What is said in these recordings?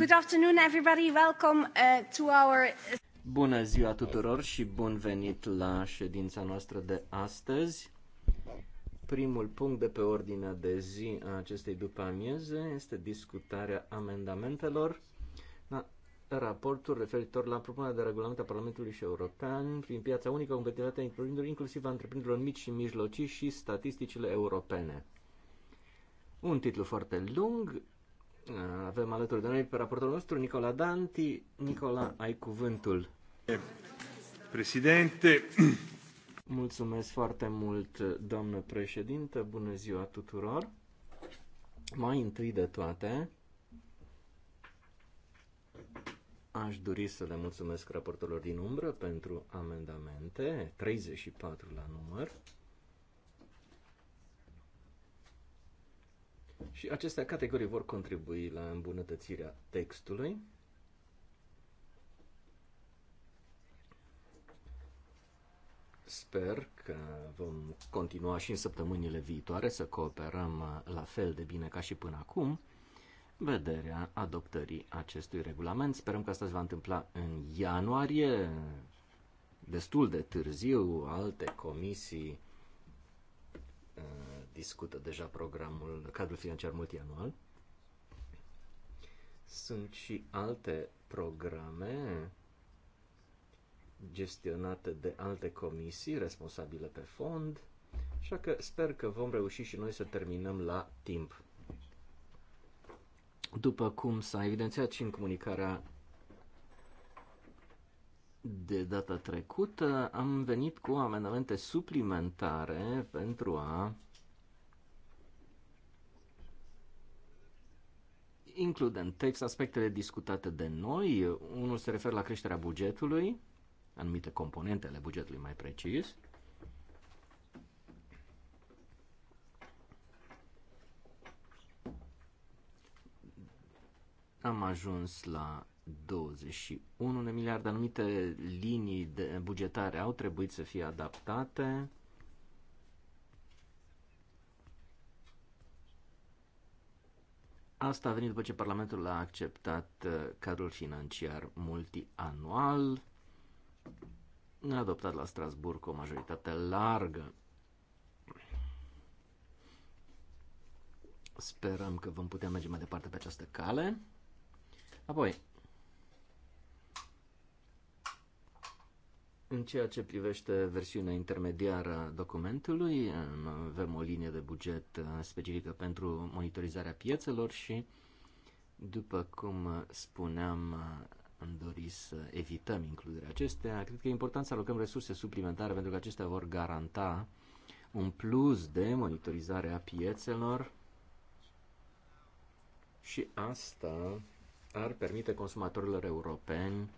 Good afternoon everybody. Welcome uh, to our uh, Bună ziua tuturor și bun venit la ședința noastră de astăzi. Primul punct de pe ordinea de zi a acestei după amieze este discutarea amendamentelor la raportul referitor la propunerea de regulament a Parlamentului și European prin piața unică competitivitatea întreprinderilor, inclusiv a întreprinderilor mici și mijlocii și statisticile europene. Un titlu foarte lung, avem alături de noi pe raportorul nostru, Nicola Danti. Nicola, ai cuvântul. Președinte. Mulțumesc foarte mult, doamnă președintă. Bună ziua tuturor. Mai întâi de toate, aș dori să le mulțumesc raportorilor din umbră pentru amendamente, 34 la număr. Și acestea categorii vor contribui la îmbunătățirea textului. Sper că vom continua și în săptămânile viitoare să cooperăm la fel de bine ca și până acum vederea adoptării acestui regulament. Sperăm că asta se va întâmpla în ianuarie, destul de târziu, alte comisii uh, discută deja programul, cadrul financiar multianual. Sunt și alte programe gestionate de alte comisii responsabile pe fond, așa că sper că vom reuși și noi să terminăm la timp. După cum s-a evidențiat și în comunicarea de data trecută, am venit cu amendamente suplimentare pentru a Includând text aspectele discutate de noi. Unul se referă la creșterea bugetului, anumite componente ale bugetului mai precis. Am ajuns la 21 de miliarde, anumite linii de bugetare au trebuit să fie adaptate. Asta a venit după ce Parlamentul a acceptat uh, cadrul financiar multianual, a adoptat la Strasburg o majoritate largă. Sperăm că vom putea merge mai departe pe această cale. Apoi, În ceea ce privește versiunea intermediară a documentului, avem o linie de buget uh, specifică pentru monitorizarea piețelor și, după cum uh, spuneam, uh, am dorit să evităm includerea acestea. Cred că e important să alocăm resurse suplimentare pentru că acestea vor garanta un plus de monitorizare a piețelor și asta ar permite consumatorilor europeni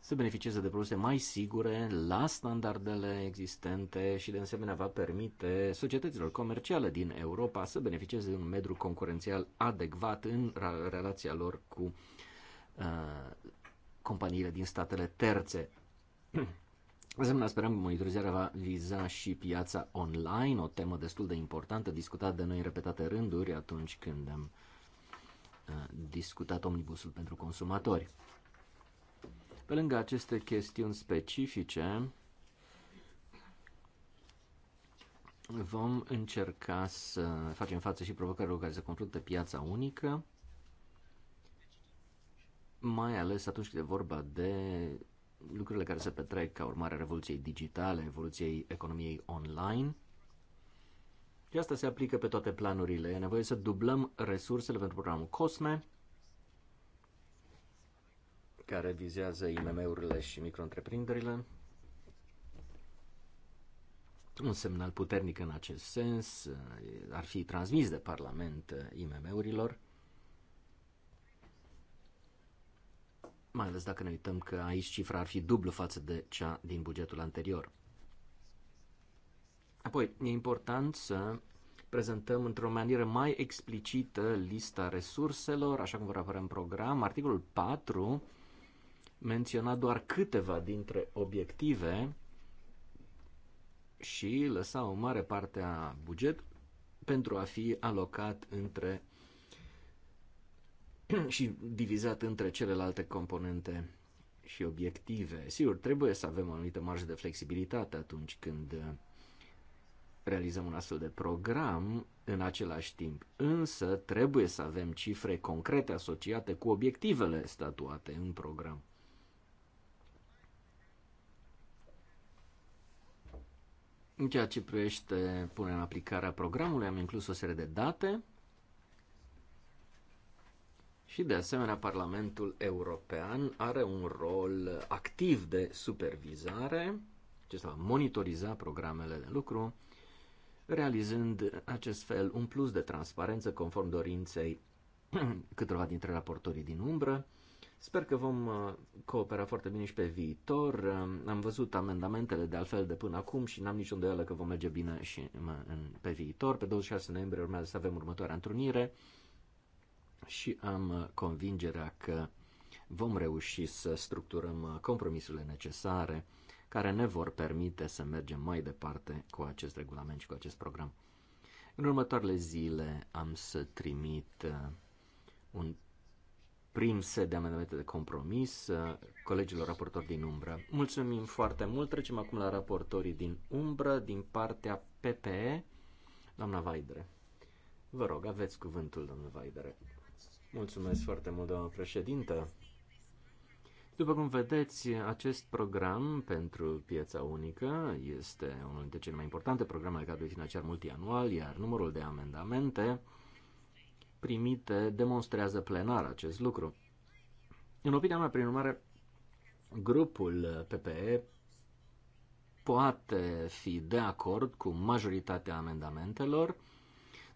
să beneficieze de produse mai sigure la standardele existente și de asemenea va permite societăților comerciale din Europa să beneficieze de un mediu concurențial adecvat în relația lor cu uh, companiile din statele terțe. De asemenea, sperăm că monitorizarea va viza și piața online, o temă destul de importantă, discutată de noi în repetate rânduri atunci când am uh, discutat omnibusul pentru consumatori. Pe lângă aceste chestiuni specifice, vom încerca să facem față și provocărilor care se confruntă piața unică, mai ales atunci când e vorba de lucrurile care se petrec ca urmare a revoluției digitale, evoluției economiei online. Și asta se aplică pe toate planurile. E nevoie să dublăm resursele pentru programul COSME, care vizează IMM-urile și micro-întreprinderile. Un semnal puternic în acest sens eh, ar fi transmis de Parlament eh, IMM-urilor, mai ales dacă ne uităm că aici cifra ar fi dublu față de cea din bugetul anterior. Apoi, e important să prezentăm într-o manieră mai explicită lista resurselor, așa cum vor apărea în program. Articolul 4 menționa doar câteva dintre obiective și lăsa o mare parte a buget pentru a fi alocat între și divizat între celelalte componente și obiective. Sigur, trebuie să avem o anumită marjă de flexibilitate atunci când realizăm un astfel de program în același timp, însă trebuie să avem cifre concrete asociate cu obiectivele statuate în program. În ceea ce privește punerea în aplicare a programului, am inclus o serie de date și, de asemenea, Parlamentul European are un rol activ de supervizare, acesta va monitoriza programele de lucru, realizând acest fel un plus de transparență conform dorinței câtorva dintre raportorii din umbră, Sper că vom uh, coopera foarte bine și pe viitor. Um, am văzut amendamentele de altfel de până acum și n-am nicio îndoială că vom merge bine și um, pe viitor. Pe 26 noiembrie urmează să avem următoarea întrunire și am uh, convingerea că vom reuși să structurăm uh, compromisurile necesare care ne vor permite să mergem mai departe cu acest regulament și cu acest program. În următoarele zile am să trimit un prim set de amendamente de compromis uh, colegilor raportori din umbră. Mulțumim foarte mult. Trecem acum la raportorii din umbră, din partea PPE. Doamna Vaidere, vă rog, aveți cuvântul, doamna Vaidere. Mulțumesc foarte mult, doamna președintă. După cum vedeți, acest program pentru piața unică este unul dintre cele mai importante programe ale cadrului financiar multianual, iar numărul de amendamente primite demonstrează plenar acest lucru. În opinia mea, prin urmare, grupul PPE poate fi de acord cu majoritatea amendamentelor.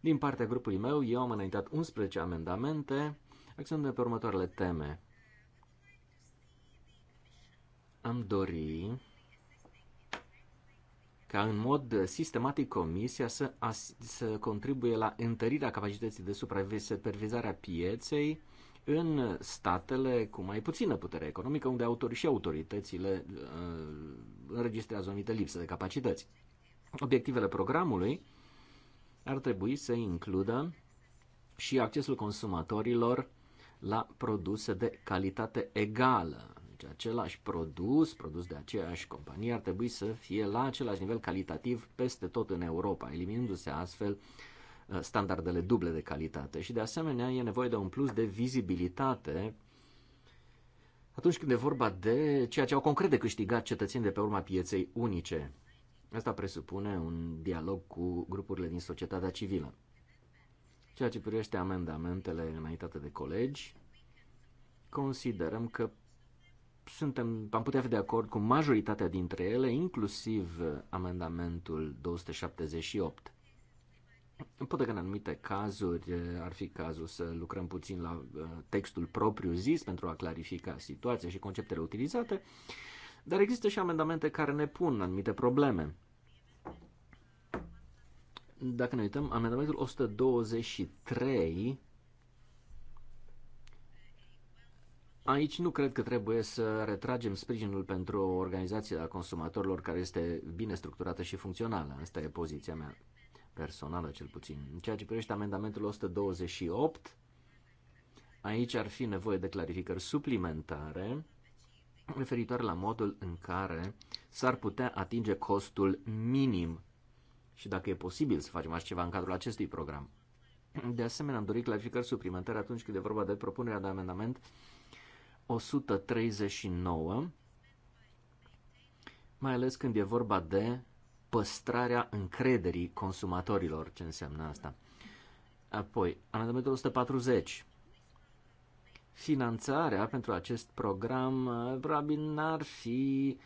Din partea grupului meu, eu am înaintat 11 amendamente, acționând pe următoarele teme. Am dori ca în mod sistematic Comisia să, să contribuie la întărirea capacității de supervizare a pieței în statele cu mai puțină putere economică, unde autorii și autoritățile uh, înregistrează o anumită lipsă de capacități. Obiectivele programului ar trebui să includă și accesul consumatorilor la produse de calitate egală, deci același produs, produs de aceeași companie, ar trebui să fie la același nivel calitativ peste tot în Europa, eliminându-se astfel uh, standardele duble de calitate. Și de asemenea e nevoie de un plus de vizibilitate atunci când e vorba de ceea ce au concret de câștigat cetățenii de pe urma pieței unice. Asta presupune un dialog cu grupurile din societatea civilă. Ceea ce privește amendamentele înaintate de colegi, considerăm că suntem, am putea fi de acord cu majoritatea dintre ele, inclusiv amendamentul 278. Poate că în anumite cazuri eh, ar fi cazul să lucrăm puțin la eh, textul propriu zis pentru a clarifica situația și conceptele utilizate, dar există și amendamente care ne pun anumite probleme. Dacă ne uităm, amendamentul 123 Aici nu cred că trebuie să retragem sprijinul pentru o organizație a consumatorilor care este bine structurată și funcțională. Asta e poziția mea personală, cel puțin. În ceea ce privește amendamentul 128, aici ar fi nevoie de clarificări suplimentare referitoare la modul în care s-ar putea atinge costul minim și dacă e posibil să facem așa ceva în cadrul acestui program. De asemenea, am dorit clarificări suplimentare atunci când e vorba de propunerea de amendament 139, mai ales când e vorba de păstrarea încrederii consumatorilor, ce înseamnă asta. Apoi, amendamentul 140. Finanțarea pentru acest program probabil n-ar fi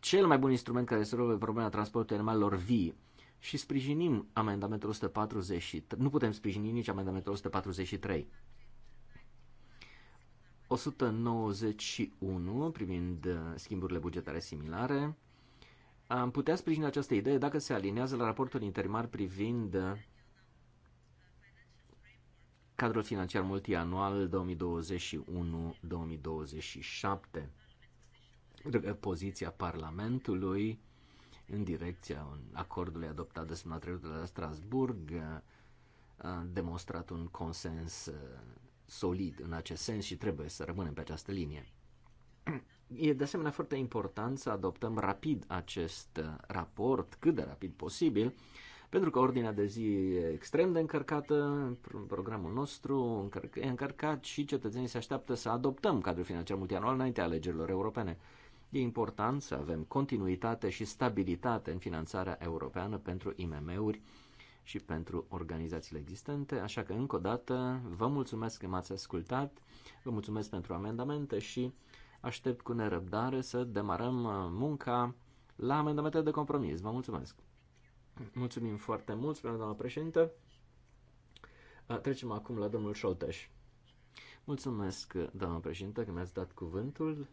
cel mai bun instrument care să rezolve problema transportului animalelor vii și sprijinim amendamentul 143. Nu putem sprijini nici amendamentul 143. 191 privind uh, schimburile bugetare similare. Am putea sprijini această idee dacă se alinează la raportul interimar privind uh, cadrul financiar multianual 2021-2027. Poziția Parlamentului în direcția acordului adoptat de semnatul de la Strasburg uh, a demonstrat un consens solid în acest sens și trebuie să rămânem pe această linie. E de asemenea foarte important să adoptăm rapid acest uh, raport, cât de rapid posibil, pentru că ordinea de zi e extrem de încărcată, programul nostru e încărcat și cetățenii se așteaptă să adoptăm cadrul financiar multianual înaintea alegerilor europene. E important să avem continuitate și stabilitate în finanțarea europeană pentru IMM-uri și pentru organizațiile existente. Așa că, încă o dată, vă mulțumesc că m-ați ascultat, vă mulțumesc pentru amendamente și aștept cu nerăbdare să demarăm uh, munca la amendamentele de compromis. Vă mulțumesc! Mulțumim foarte mult, spune doamna președintă. Trecem acum la domnul Șolteș. Mulțumesc, doamna președintă, că mi-ați dat cuvântul.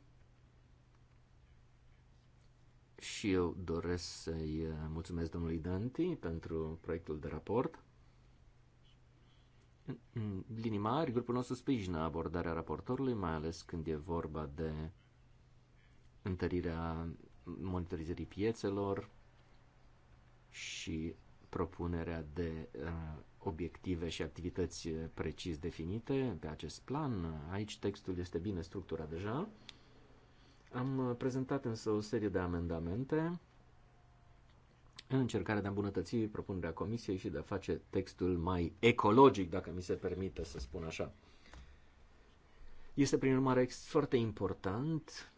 Și eu doresc să-i uh, mulțumesc domnului Danti pentru proiectul de raport. În linii mari, grupul nostru sprijină abordarea raportorului, mai ales când e vorba de întărirea monitorizării piețelor și propunerea de uh, obiective și activități precis definite pe acest plan. Aici textul este bine structurat deja. Am uh, prezentat însă o serie de amendamente în încercare de a îmbunătăți propunerea comisiei și de a face textul mai ecologic, dacă mi se permite să spun așa. Este, prin urmare, foarte important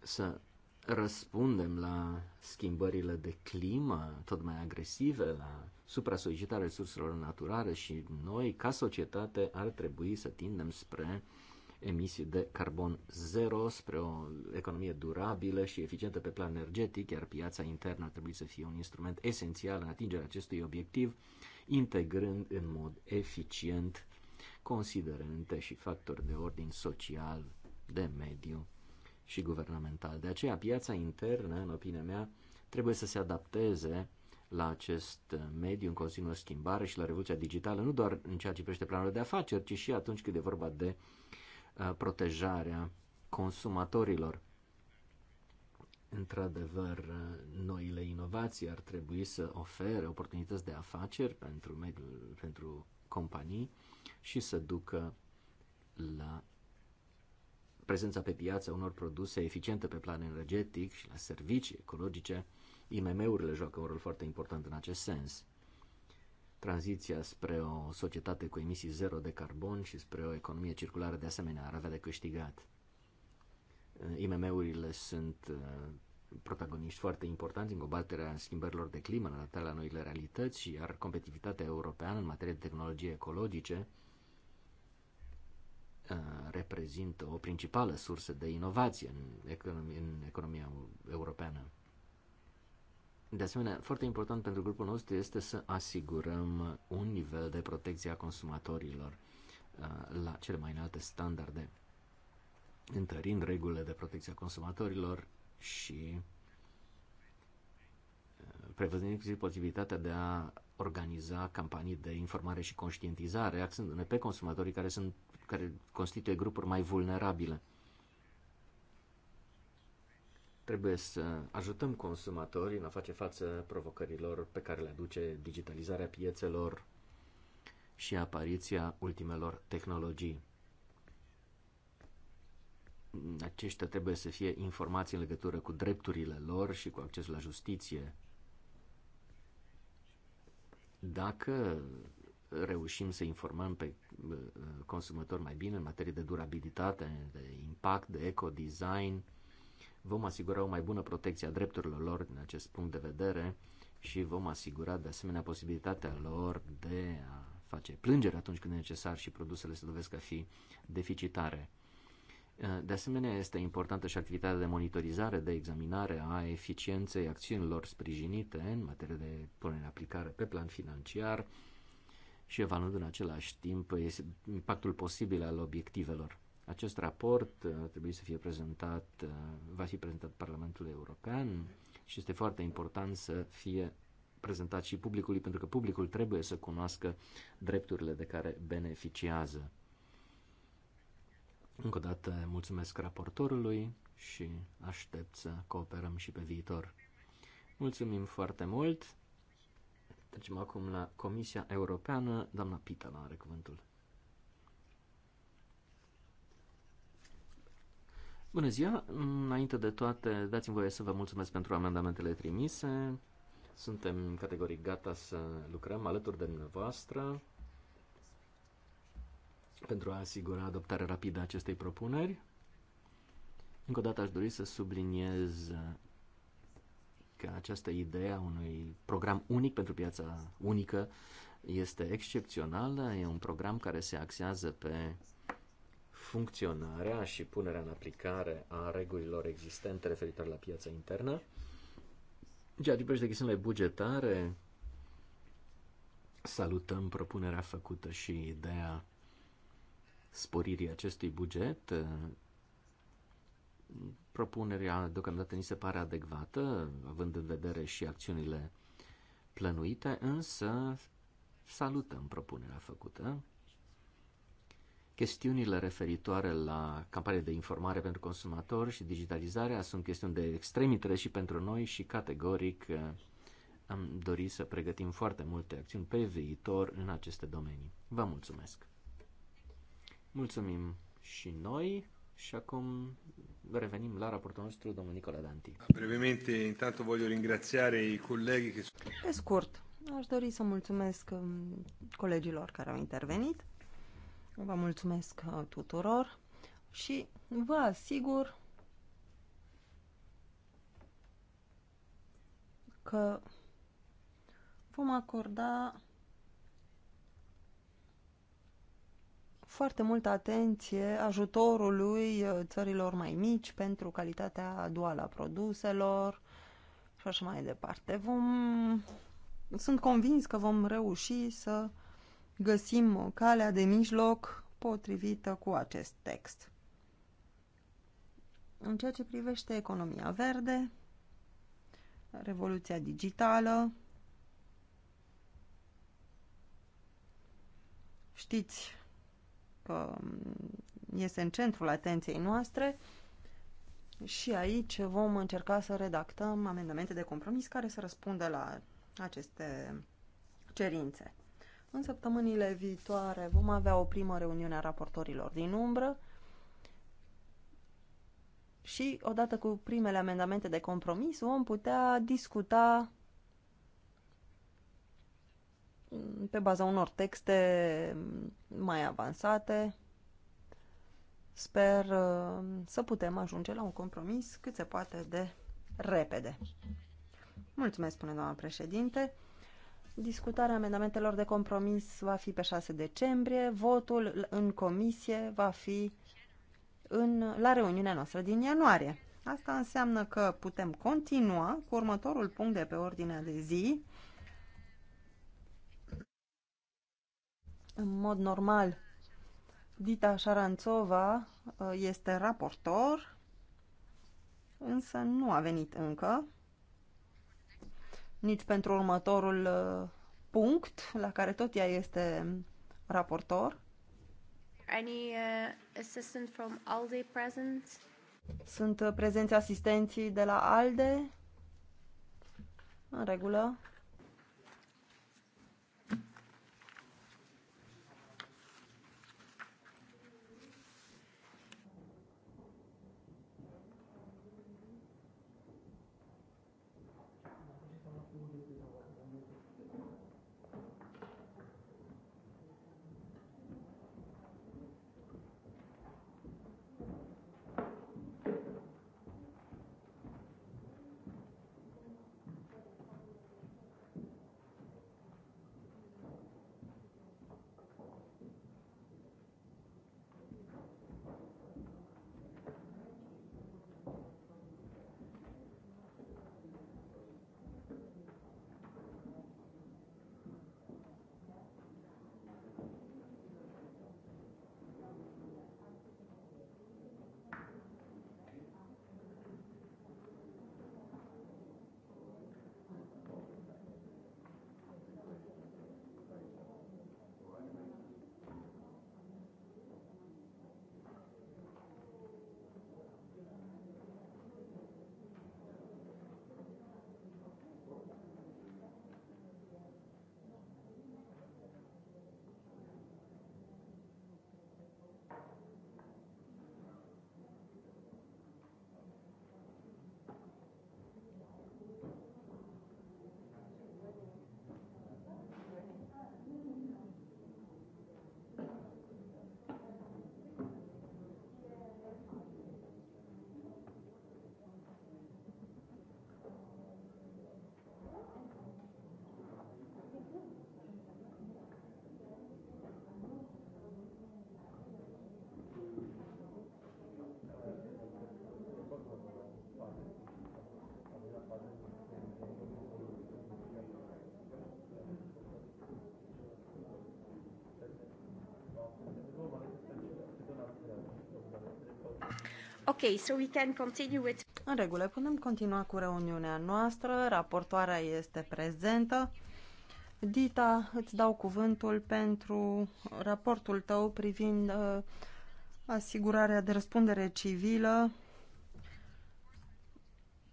să răspundem la schimbările de climă tot mai agresive, la supra-solicitarea resurselor naturale și noi, ca societate, ar trebui să tindem spre uh, emisii de carbon zero, spre o economie durabilă și eficientă pe plan energetic, iar piața internă ar trebui să fie un instrument esențial în atingerea acestui obiectiv, integrând în mod eficient considerente și factori de ordin social, de mediu și guvernamental. De aceea, piața internă, în opinia mea, trebuie să se adapteze la acest mediu în continuă schimbare și la revoluția digitală, nu doar în ceea ce privește planurile de afaceri, ci și atunci când e vorba de uh, Uh, protejarea consumatorilor. Într-adevăr, uh, noile inovații ar trebui să ofere oportunități de afaceri pentru, mediul, pentru companii și să ducă la prezența pe piață unor produse eficiente pe plan energetic și la servicii ecologice. IMM-urile joacă un rol foarte important în acest sens. Tranziția spre o societate cu emisii zero de carbon și spre o economie circulară de asemenea ar avea de câștigat. IMM-urile sunt uh, protagoniști foarte importanți în combaterea schimbărilor de climă, în adaptarea la noile realități, iar competitivitatea europeană în materie de tehnologie ecologice uh, reprezintă o principală sursă de inovație în în economia europeană. De asemenea, foarte important pentru grupul nostru este să asigurăm un nivel de protecție a consumatorilor uh, la cele mai înalte standarde, întărind regulile de protecție a consumatorilor și uh, prevăzând inclusiv posibilitatea de a organiza campanii de informare și conștientizare, axându-ne pe consumatorii care, sunt, care constituie grupuri mai vulnerabile. Trebuie să ajutăm consumatorii în a face față provocărilor pe care le aduce digitalizarea piețelor și apariția ultimelor tehnologii. Aceștia trebuie să fie informații în legătură cu drepturile lor și cu accesul la justiție. Dacă reușim să informăm pe uh, consumatori mai bine în materie de durabilitate, de impact, de eco-design, vom asigura o mai bună protecție a drepturilor lor din acest punct de vedere și vom asigura de asemenea posibilitatea lor de a face plângere atunci când e necesar și produsele se dovesc a fi deficitare. Eh, de asemenea, este importantă și activitatea de monitorizare, de examinare a eficienței acțiunilor sprijinite în materie de punere în aplicare pe plan financiar și evaluând în același timp impactul posibil al obiectivelor. Acest raport uh, ar trebui să fie prezentat, uh, va fi prezentat Parlamentului European și este foarte important să fie prezentat și publicului, pentru că publicul trebuie să cunoască drepturile de care beneficiază. Încă o dată mulțumesc raportorului și aștept să cooperăm și pe viitor. Mulțumim foarte mult! Trecem acum la Comisia Europeană. Doamna Pitala are cuvântul. Bună ziua! Înainte de toate, dați-mi voie să vă mulțumesc pentru amendamentele trimise. Suntem categoric gata să lucrăm alături de dumneavoastră pentru a asigura adoptarea rapidă a acestei propuneri. Încă o dată aș dori să subliniez că această idee a unui program unic pentru piața unică este excepțională, e un program care se axează pe funcționarea și punerea în aplicare a regulilor existente referitoare la piața internă. Ceea ce privește chestiunile bugetare, salutăm propunerea făcută și ideea sporirii acestui buget. Propunerea deocamdată ni se pare adecvată, având în vedere și acțiunile plănuite, însă salutăm propunerea făcută Chestiunile referitoare la campanie de informare pentru consumatori și digitalizarea sunt chestiuni de extrem interes și pentru noi și categoric am dorit să pregătim foarte multe acțiuni pe viitor în aceste domenii. Vă mulțumesc! Mulțumim și noi și acum revenim la raportul nostru, domnul Nicola Danti. Brevemente, intanto voglio ringraziare i colleghi che... Pe scurt, aș dori să mulțumesc um, colegilor care au intervenit Vă mulțumesc uh, tuturor și vă asigur că vom acorda foarte multă atenție ajutorului uh, țărilor mai mici pentru calitatea duală a produselor și așa mai departe. Vom... Sunt convins că vom reuși să găsim o calea de mijloc potrivită cu acest text. În ceea ce privește economia verde, revoluția digitală, știți că um, este în centrul atenției noastre și aici vom încerca să redactăm amendamente de compromis care să răspundă la aceste cerințe. În săptămânile viitoare vom avea o primă reuniune a raportorilor din umbră și, odată cu primele amendamente de compromis, vom putea discuta pe baza unor texte mai avansate. Sper uh, să putem ajunge la un compromis cât se poate de repede. Mulțumesc, spune doamna președinte. Discutarea amendamentelor de compromis va fi pe 6 decembrie, votul în comisie va fi în, la reuniunea noastră din ianuarie. Asta înseamnă că putem continua cu următorul punct de pe ordinea de zi. În mod normal, Dita Șaranțova uh, este raportor, însă nu a venit încă nici pentru următorul uh, punct, la care tot ea este raportor. Any uh, assistant from ALDE present? Sunt uh, prezenți asistenții de la ALDE? În regulă. Ok, so we can continue with... În regulă, putem continua cu reuniunea noastră, raportoarea este prezentă. Dita, îți dau cuvântul pentru raportul tău privind uh, asigurarea de răspundere civilă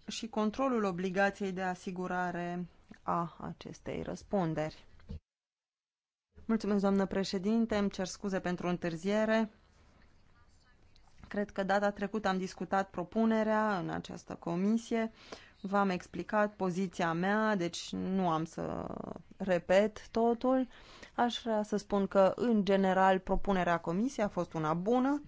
și controlul obligației de asigurare a acestei răspunderi. Mulțumesc, doamnă președinte, îmi cer scuze pentru întârziere. Cred că data trecută am discutat propunerea în această comisie, v-am explicat poziția mea, deci nu am să repet totul. Aș vrea să spun că, în general, propunerea comisiei a fost una bună,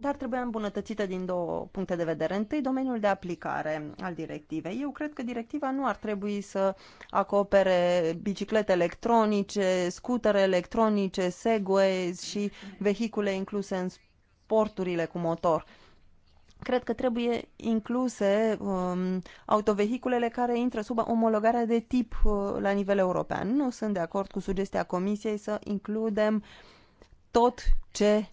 dar trebuia îmbunătățită din două puncte de vedere. Întâi, domeniul de aplicare al directivei. Eu cred că directiva nu ar trebui să acopere biciclete electronice, scutere electronice, segways și vehicule incluse în sporturile cu motor. Cred că trebuie incluse um, autovehiculele care intră sub omologarea de tip uh, la nivel european. Nu sunt de acord cu sugestia Comisiei să includem tot ce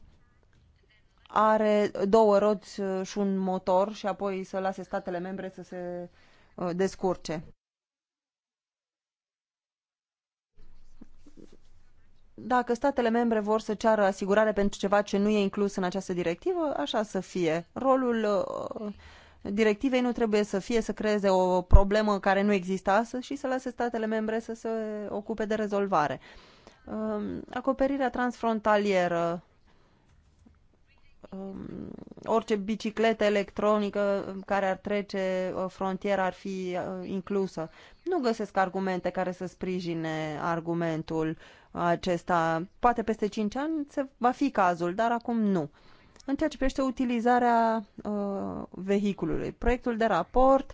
are două roți și un motor și apoi să lase statele membre să se uh, descurce. Dacă statele membre vor să ceară asigurare pentru ceva ce nu e inclus în această directivă, așa să fie. Rolul uh, directivei nu trebuie să fie să creeze o problemă care nu există astăzi și să lase statele membre să se ocupe de rezolvare. Uh, acoperirea transfrontalieră Um, orice bicicletă electronică care ar trece uh, frontiera ar fi uh, inclusă. Nu găsesc argumente care să sprijine argumentul acesta. Poate peste 5 ani se va fi cazul, dar acum nu. În ceea ce privește utilizarea uh, vehiculului, proiectul de raport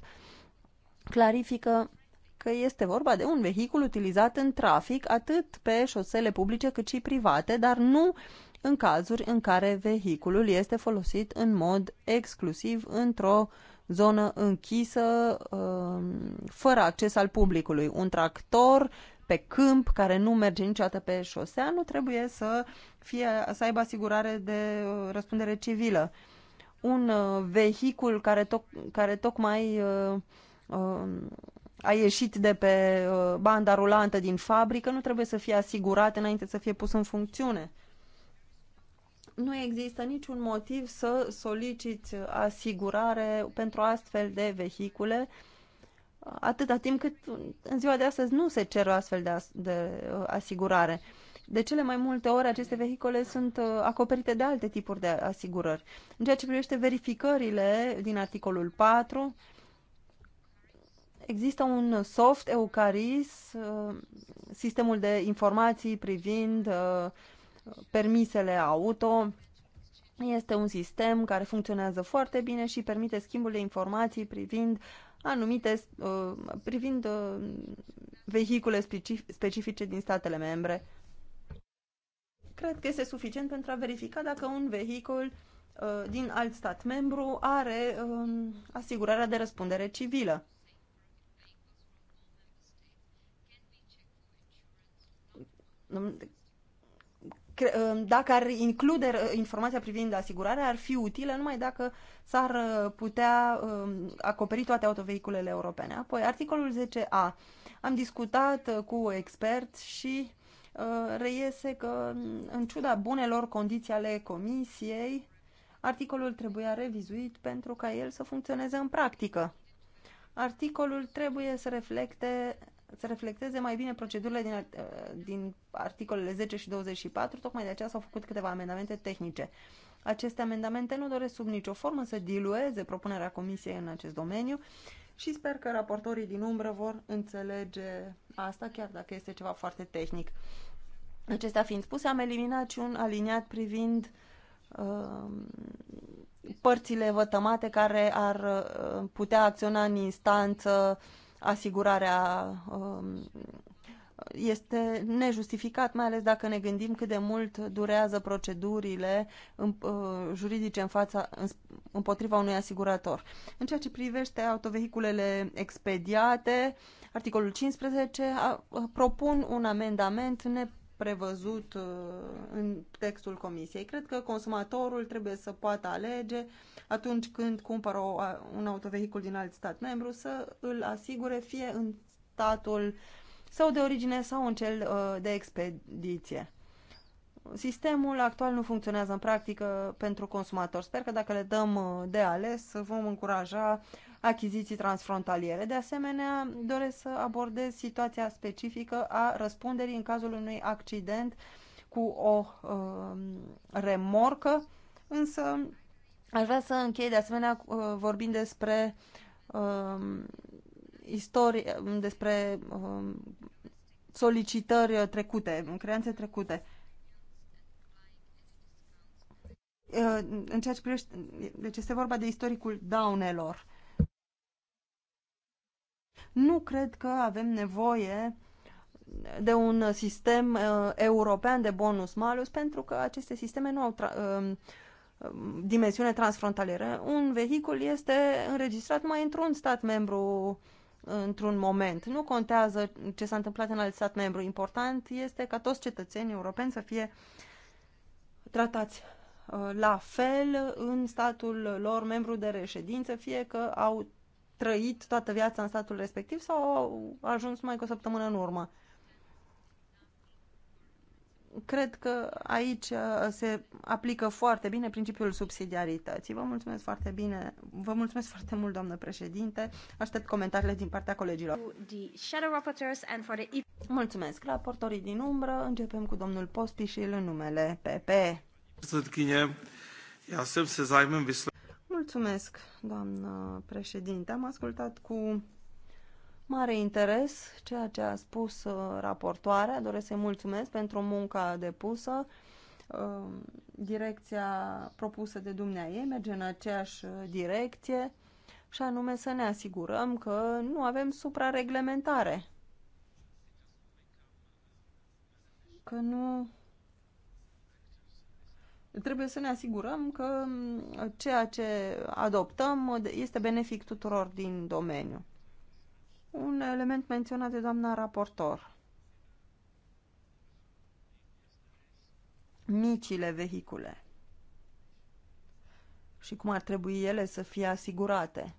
clarifică că este vorba de un vehicul utilizat în trafic atât pe șosele publice cât și private, dar nu uh, în cazuri în care vehiculul este folosit în mod exclusiv într-o zonă închisă, um, fără acces al publicului. Un tractor pe câmp care nu merge niciodată pe șosea nu trebuie să, fie, să aibă asigurare de uh, răspundere civilă. Un uh, vehicul care, toc- care tocmai uh, um, a ieșit de pe banda rulantă din fabrică nu trebuie să fie asigurat înainte să fie pus în funcțiune nu există niciun motiv să soliciți asigurare pentru astfel de vehicule atâta timp cât în ziua de astăzi nu se cer o astfel de, as- de uh, asigurare. De cele mai multe ori aceste vehicule sunt uh, acoperite de alte tipuri de asigurări. În ceea ce privește verificările din articolul 4, există un soft Eucaris, uh, sistemul de informații privind uh, permisele auto. Este un sistem care funcționează foarte bine și permite schimbul de informații privind anumite, uh, privind uh, vehicule specifice din statele membre. Cred că este suficient pentru a verifica dacă un vehicul uh, din alt stat membru are um, asigurarea de răspundere civilă. Uh, dacă ar include uh, informația privind asigurarea, ar fi utilă numai dacă s-ar uh, putea acoperi toate autovehiculele europene. Apoi, articolul 10a. Am discutat cu expert și reiese că, mm, în ciuda bunelor condiții ale comisiei, articolul trebuia revizuit pentru ca el să funcționeze în practică. Articolul trebuie să reflecte să reflecteze mai bine procedurile din, eh, din articolele 10 și 24, tocmai de aceea s-au făcut câteva amendamente tehnice. Aceste amendamente nu doresc sub nicio formă să dilueze propunerea Comisiei în acest domeniu și sper că raportorii din umbră vor înțelege asta, chiar dacă este ceva foarte tehnic. Acestea fiind spuse, am eliminat și un aliniat privind ehm, părțile vătămate care ar eh, putea acționa în instanță uh, asigurarea um, este nejustificat, mai ales dacă ne gândim cât de mult durează procedurile uh, juridice în fața, împotriva unui asigurator. În ceea ce privește autovehiculele expediate, articolul 15, propun un amendament ne prevăzut uh, în textul comisiei. Cred că consumatorul trebuie să poată alege atunci când cumpără un autovehicul din alt stat membru să îl asigure fie în statul sau de origine sau în cel uh, de expediție. Sistemul actual nu funcționează în practică pentru consumator. Sper că dacă le dăm uh, de ales, vom încuraja achiziții transfrontaliere. De asemenea, doresc să abordez situația specifică a răspunderii în cazul unui accident cu o uh, remorcă, însă aș vrea să închei de asemenea uh, vorbind despre uh, istorie, despre uh, solicitări trecute, creanțe trecute. Uh, în ceea ce privește, deci este vorba de istoricul daunelor. Nu cred că avem nevoie de un sistem uh, european de bonus-malus, pentru că aceste sisteme nu au tra- uh, um, dimensiune transfrontalieră. Un vehicul este înregistrat mai într-un stat membru într-un moment. Nu contează ce s-a întâmplat în alt stat membru. Important este ca toți cetățenii europeni să fie tratați uh, la fel în statul lor membru de reședință, fie că au trăit toată viața în statul respectiv sau au ajuns mai cu o săptămână în urmă. Cred că aici uh, se aplică foarte bine principiul subsidiarității. Vă mulțumesc foarte bine, vă mulțumesc foarte mult, doamnă președinte. Aștept comentariile din partea colegilor. Mulțumesc, raportorii din umbră. Începem cu domnul Pospișil în numele PP. să já se Mulțumesc, doamnă președinte. Am ascultat cu mare interes ceea ce a spus uh, raportoarea. Doresc să-i mulțumesc pentru munca depusă. Uh, direcția propusă de ei merge în aceeași uh, direcție și anume să ne asigurăm că nu avem suprareglementare. Că nu trebuie să ne asigurăm că mm, ceea ce adoptăm este benefic tuturor din domeniu. Un element menționat de doamna raportor. Micile vehicule și cum ar trebui ele să fie asigurate.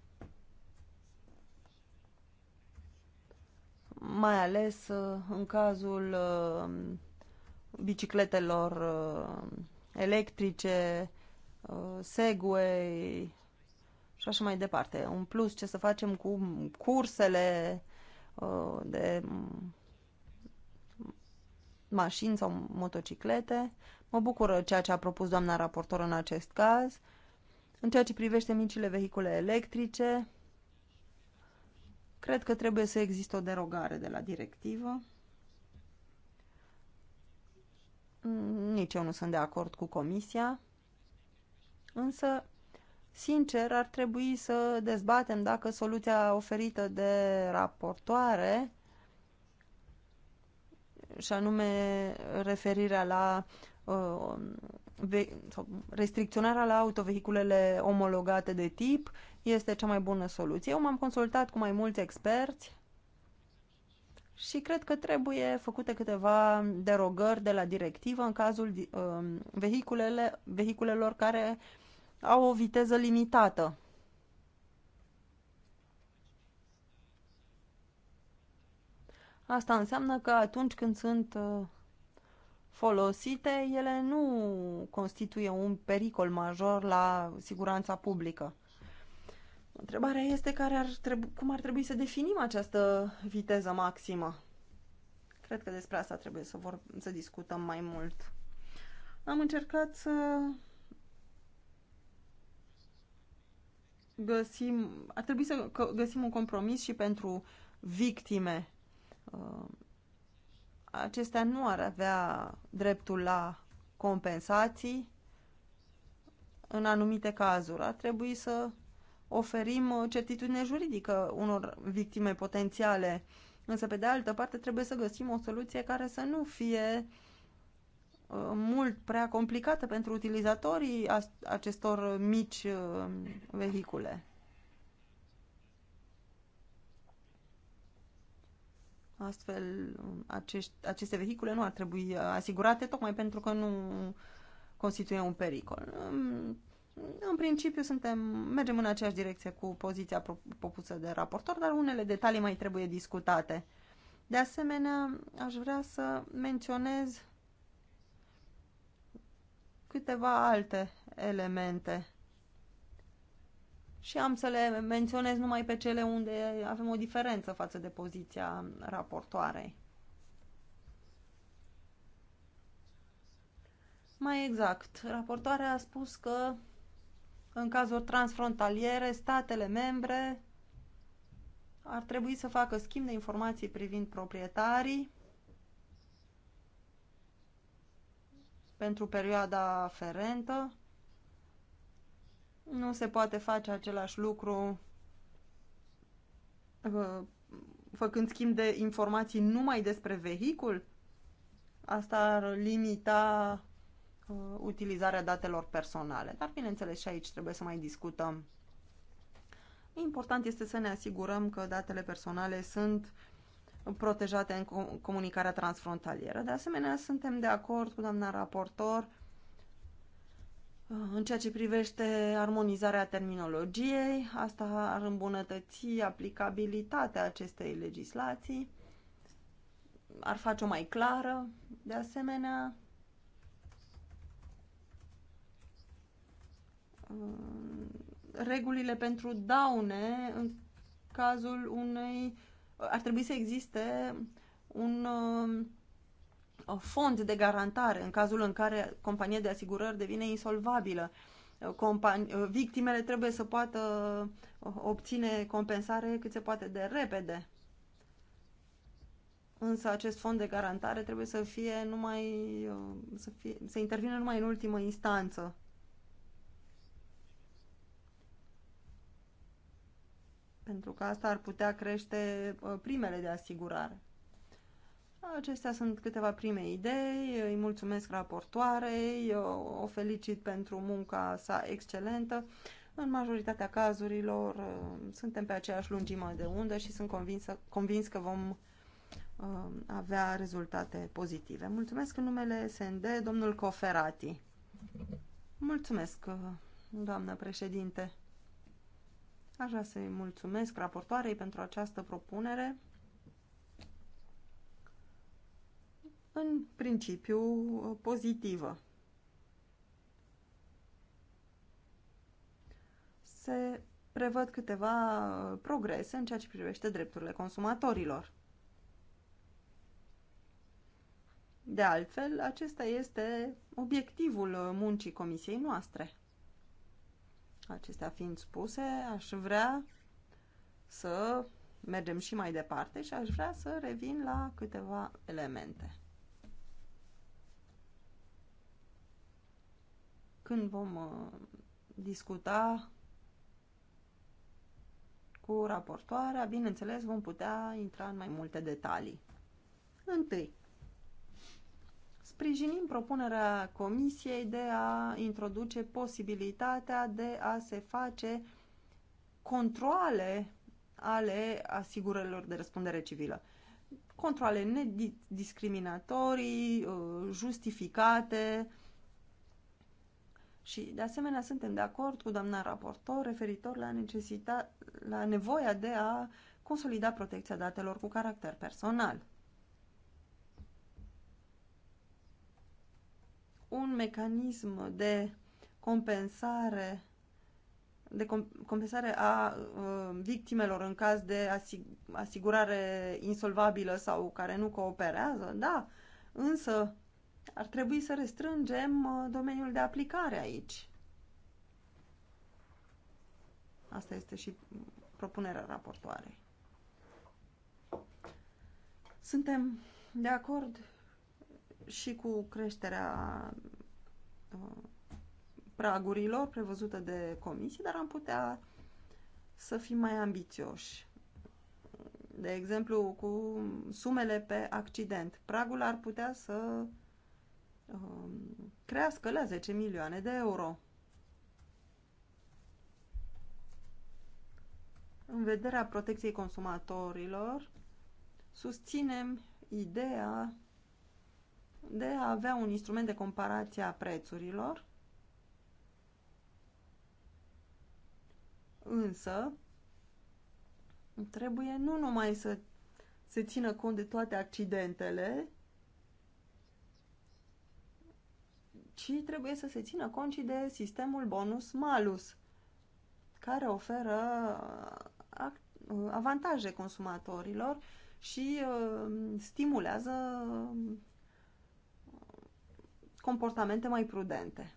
Mai ales uh, în cazul uh, bicicletelor uh, electrice, uh, Segway și așa mai departe. În plus, ce să facem cu cursele uh, de mm, mașini sau motociclete. Mă bucură ceea ce a propus doamna raportor în acest caz. În ceea ce privește micile vehicule electrice, cred că trebuie să existe o derogare de la directivă. nici eu nu sunt de acord cu Comisia, însă, sincer, ar trebui să dezbatem dacă soluția oferită de raportoare și anume referirea la uh, restricționarea la autovehiculele omologate de tip este cea mai bună soluție. Eu m-am consultat cu mai mulți experți și cred că trebuie făcute câteva derogări de la directivă în cazul uh, vehiculele, vehiculelor care au o viteză limitată. Asta înseamnă că atunci când sunt uh, folosite, ele nu constituie un pericol major la siguranța publică. Întrebarea este care ar trebu- cum ar trebui să definim această viteză maximă. Cred că despre asta trebuie să, vor, să discutăm mai mult. Am încercat să găsim, ar trebui să găsim un compromis și pentru victime. Uh, acestea nu ar avea dreptul la compensații în anumite cazuri. Ar trebui să oferim uh, certitudine juridică unor victime potențiale. Însă, pe de altă parte, trebuie să găsim o soluție care să nu fie uh, mult prea complicată pentru utilizatorii acestor mici uh, vehicule. Astfel, acești, aceste vehicule nu ar trebui asigurate tocmai pentru că nu constituie un pericol. Um, în principiu suntem, mergem în aceeași direcție cu poziția propusă de raportor, dar unele detalii mai trebuie discutate. De asemenea, aș vrea să menționez câteva alte elemente. Și am să le menționez numai pe cele unde avem o diferență față de poziția raportoarei. Mai exact, raportoarea a spus că în cazuri transfrontaliere, statele membre ar trebui să facă schimb de informații privind proprietarii pentru perioada aferentă. Nu se poate face același lucru uh, făcând schimb de informații numai despre vehicul. Asta ar limita Uh, utilizarea datelor personale. Dar, bineînțeles, și aici trebuie să mai discutăm. Important este să ne asigurăm că datele personale sunt protejate în comunicarea transfrontalieră. De asemenea, suntem de acord cu doamna raportor uh, în ceea ce privește armonizarea terminologiei. Asta ar îmbunătăți aplicabilitatea acestei legislații, ar face-o mai clară. De asemenea, Um, regulile pentru daune în cazul unei... Ar trebui să existe un um, fond de garantare în cazul în care compania de asigurări devine insolvabilă. Compani- victimele trebuie să poată uh, obține compensare cât se poate de repede. Însă acest fond de garantare trebuie să fie numai uh, să, fie, să intervină numai în ultimă instanță. pentru că asta ar putea crește uh, primele de asigurare. Acestea sunt câteva prime idei, îi mulțumesc raportoarei, uh, o felicit pentru munca sa excelentă. În majoritatea cazurilor uh, suntem pe aceeași lungime de undă și sunt convinsă, convins că vom avea rezultate pozitive. Mulțumesc în numele SND, domnul Coferati. Mulțumesc, doamnă președinte. Aș vrea să-i mulțumesc raportoarei pentru această propunere. În principiu, pozitivă. Se prevăd câteva progrese în ceea ce privește drepturile consumatorilor. De altfel, acesta este obiectivul muncii comisiei noastre. Acestea fiind spuse, aș vrea să mergem și mai departe și aș vrea să revin la câteva elemente. Când vom uh, discuta cu raportoarea, bineînțeles, vom putea intra în mai multe detalii. Întâi, Sprijinim propunerea Comisiei de a introduce posibilitatea de a se face controle ale asigurărilor de răspundere civilă. Controle nediscriminatorii, uh, justificate și, de asemenea, suntem de acord cu doamna raportor referitor la, necesita, la nevoia de a consolida protecția datelor cu caracter personal. un mecanism de compensare de compensare a uh, victimelor în caz de asigurare insolvabilă sau care nu cooperează, da, însă ar trebui să restrângem uh, domeniul de aplicare aici. Asta este și propunerea raportoarei. Suntem de acord și cu creșterea uh, pragurilor prevăzută de comisie, dar am putea să fim mai ambițioși. De exemplu, cu sumele pe accident. Pragul ar putea să um, crească la 10 milioane de euro. În vederea protecției consumatorilor, susținem ideea de a avea un instrument de comparație a prețurilor, însă trebuie nu numai să se țină cont de toate accidentele, ci trebuie să se țină cont și de sistemul bonus-malus, care oferă uh, uh, avantaje consumatorilor și uh, stimulează comportamente mai prudente.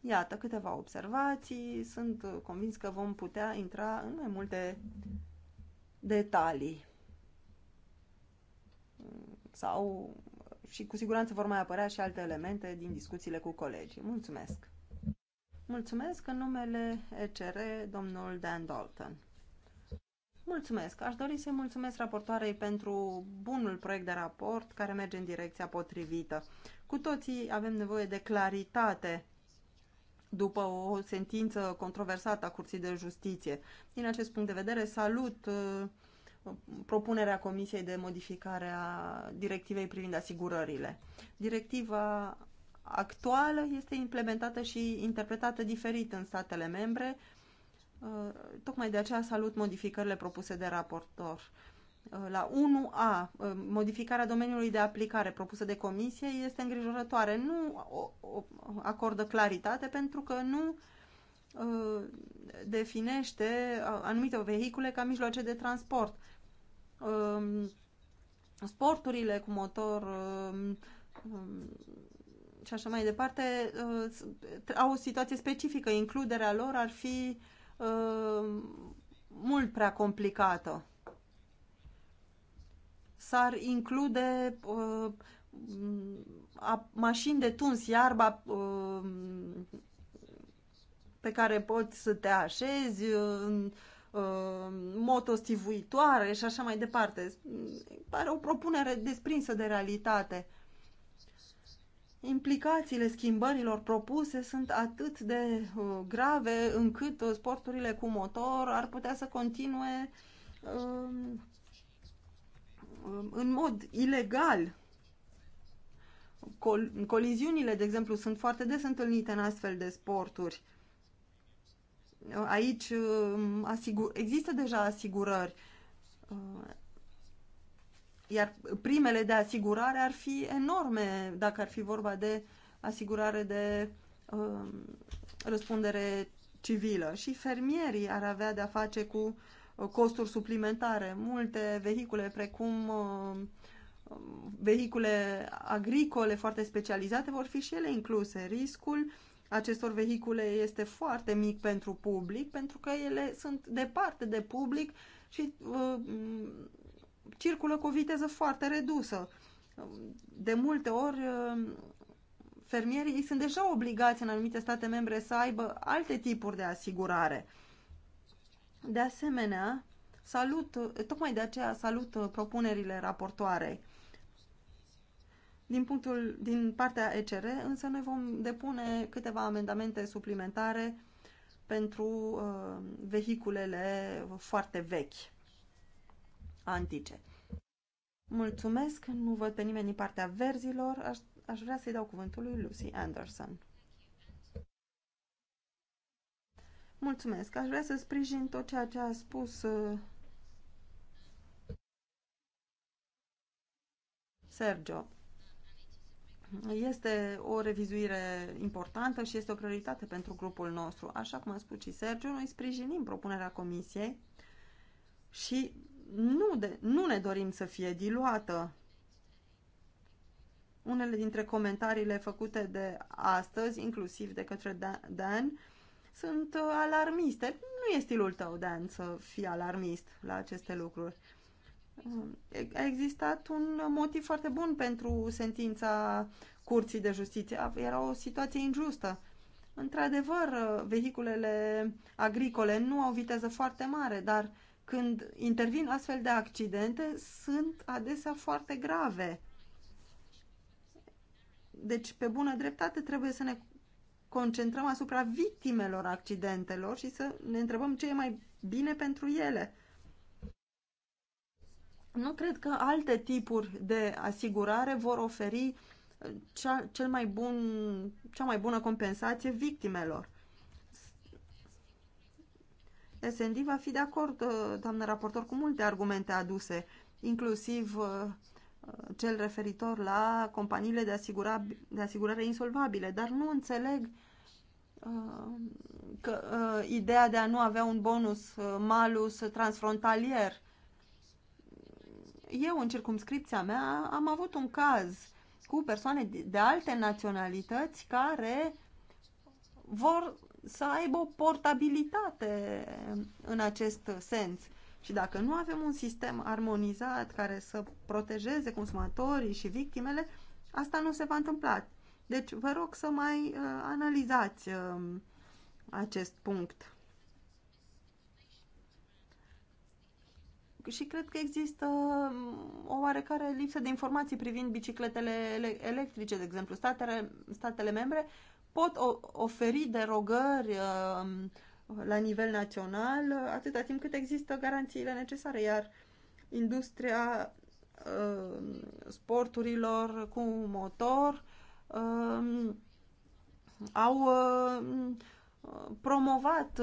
Iată câteva observații, sunt convins că vom putea intra în mai multe detalii. Sau și cu siguranță vor mai apărea și alte elemente din discuțiile cu colegii. Mulțumesc! Mulțumesc în numele ECR, domnul Dan Dalton. Mulțumesc! Aș dori să-i mulțumesc raportoarei pentru bunul proiect de raport care merge în direcția potrivită. Cu toții avem nevoie de claritate după o sentință controversată a Curții de Justiție. Din acest punct de vedere, salut uh, propunerea Comisiei de modificare a directivei privind asigurările. Directiva actuală este implementată și interpretată diferit în statele membre Uh, tocmai de aceea salut modificările propuse de raportor. Uh, la 1A, uh, modificarea domeniului de aplicare propusă de comisie este îngrijorătoare. Nu acordă claritate pentru că nu definește anumite vehicule ca mijloace de transport. Um, sporturile cu motor um, um, și așa mai departe au o situație specifică. Includerea lor ar fi Uh, mult prea complicată. S-ar include uh, a, mașini de tuns iarba uh, pe care poți să te așezi, uh, uh motostivuitoare și așa mai departe. Pare o propunere desprinsă de realitate implicațiile schimbărilor propuse sunt atât de uh, grave încât uh, sporturile cu motor ar putea să continue um, um, în mod ilegal. Col coliziunile, de exemplu, sunt foarte des întâlnite în astfel de sporturi. Aici um, asigur, există deja asigurări uh, iar primele de asigurare ar fi enorme dacă ar fi vorba de asigurare de uh, răspundere civilă. Și fermierii ar avea de-a face cu uh, costuri suplimentare. Multe vehicule precum uh, vehicule agricole foarte specializate vor fi și ele incluse. Riscul acestor vehicule este foarte mic pentru public, pentru că ele sunt departe de public și uh, circulă cu o viteză foarte redusă. De multe ori, uh, fermierii sunt deja obligați în anumite state membre să aibă alte tipuri de asigurare. De asemenea, salut, tocmai de aceea salut propunerile raportoarei. Din, punctul, din partea ECR, însă noi vom depune câteva amendamente suplimentare pentru uh, vehiculele foarte vechi antice. Mulțumesc, nu văd pe nimeni din partea verzilor, aș, aș vrea să-i dau cuvântul lui Lucy Anderson. Mulțumesc, aș vrea să sprijin tot ceea ce a spus uh, Sergio. Este o revizuire importantă și este o prioritate pentru grupul nostru. Așa cum a spus și Sergio, noi sprijinim propunerea comisiei și nu, de, nu ne dorim să fie diluată. Unele dintre comentariile făcute de astăzi, inclusiv de către Dan, sunt uh, alarmiste. Nu e stilul tău, Dan, să fii alarmist la aceste lucruri. Um, a existat un motiv foarte bun pentru sentința Curții de Justiție. Era o situație injustă. Într-adevăr, uh, vehiculele agricole nu au viteză foarte mare, dar uh, când intervin astfel de accidente, sunt adesea foarte grave. Deci, pe bună dreptate, trebuie să ne concentrăm asupra victimelor accidentelor și să ne întrebăm ce e mai bine pentru ele. Nu cred că alte tipuri de asigurare vor oferi cea, cel mai bun, cea mai bună compensație victimelor. SND va fi de acord, uh, doamnă raportor, cu multe argumente aduse, inclusiv uh, uh, cel referitor la companiile de, asigura, de asigurare insolvabile, dar nu înțeleg că, ideea de a nu avea un bonus malus transfrontalier. Eu, în circumscripția mea, am avut un caz cu persoane de alte naționalități care vor să aibă o portabilitate în acest sens. Și dacă nu avem un sistem armonizat care să protejeze consumatorii și victimele, asta nu se va întâmpla. Deci vă rog să mai uh, analizați uh, acest punct. Și cred că există um, o oarecare lipsă de informații privind bicicletele electrice, de exemplu. Statele, statele membre pot oferi derogări um, la nivel național uh, atâta timp cât există garanțiile necesare, iar industria um, sporturilor cu motor um, au promovat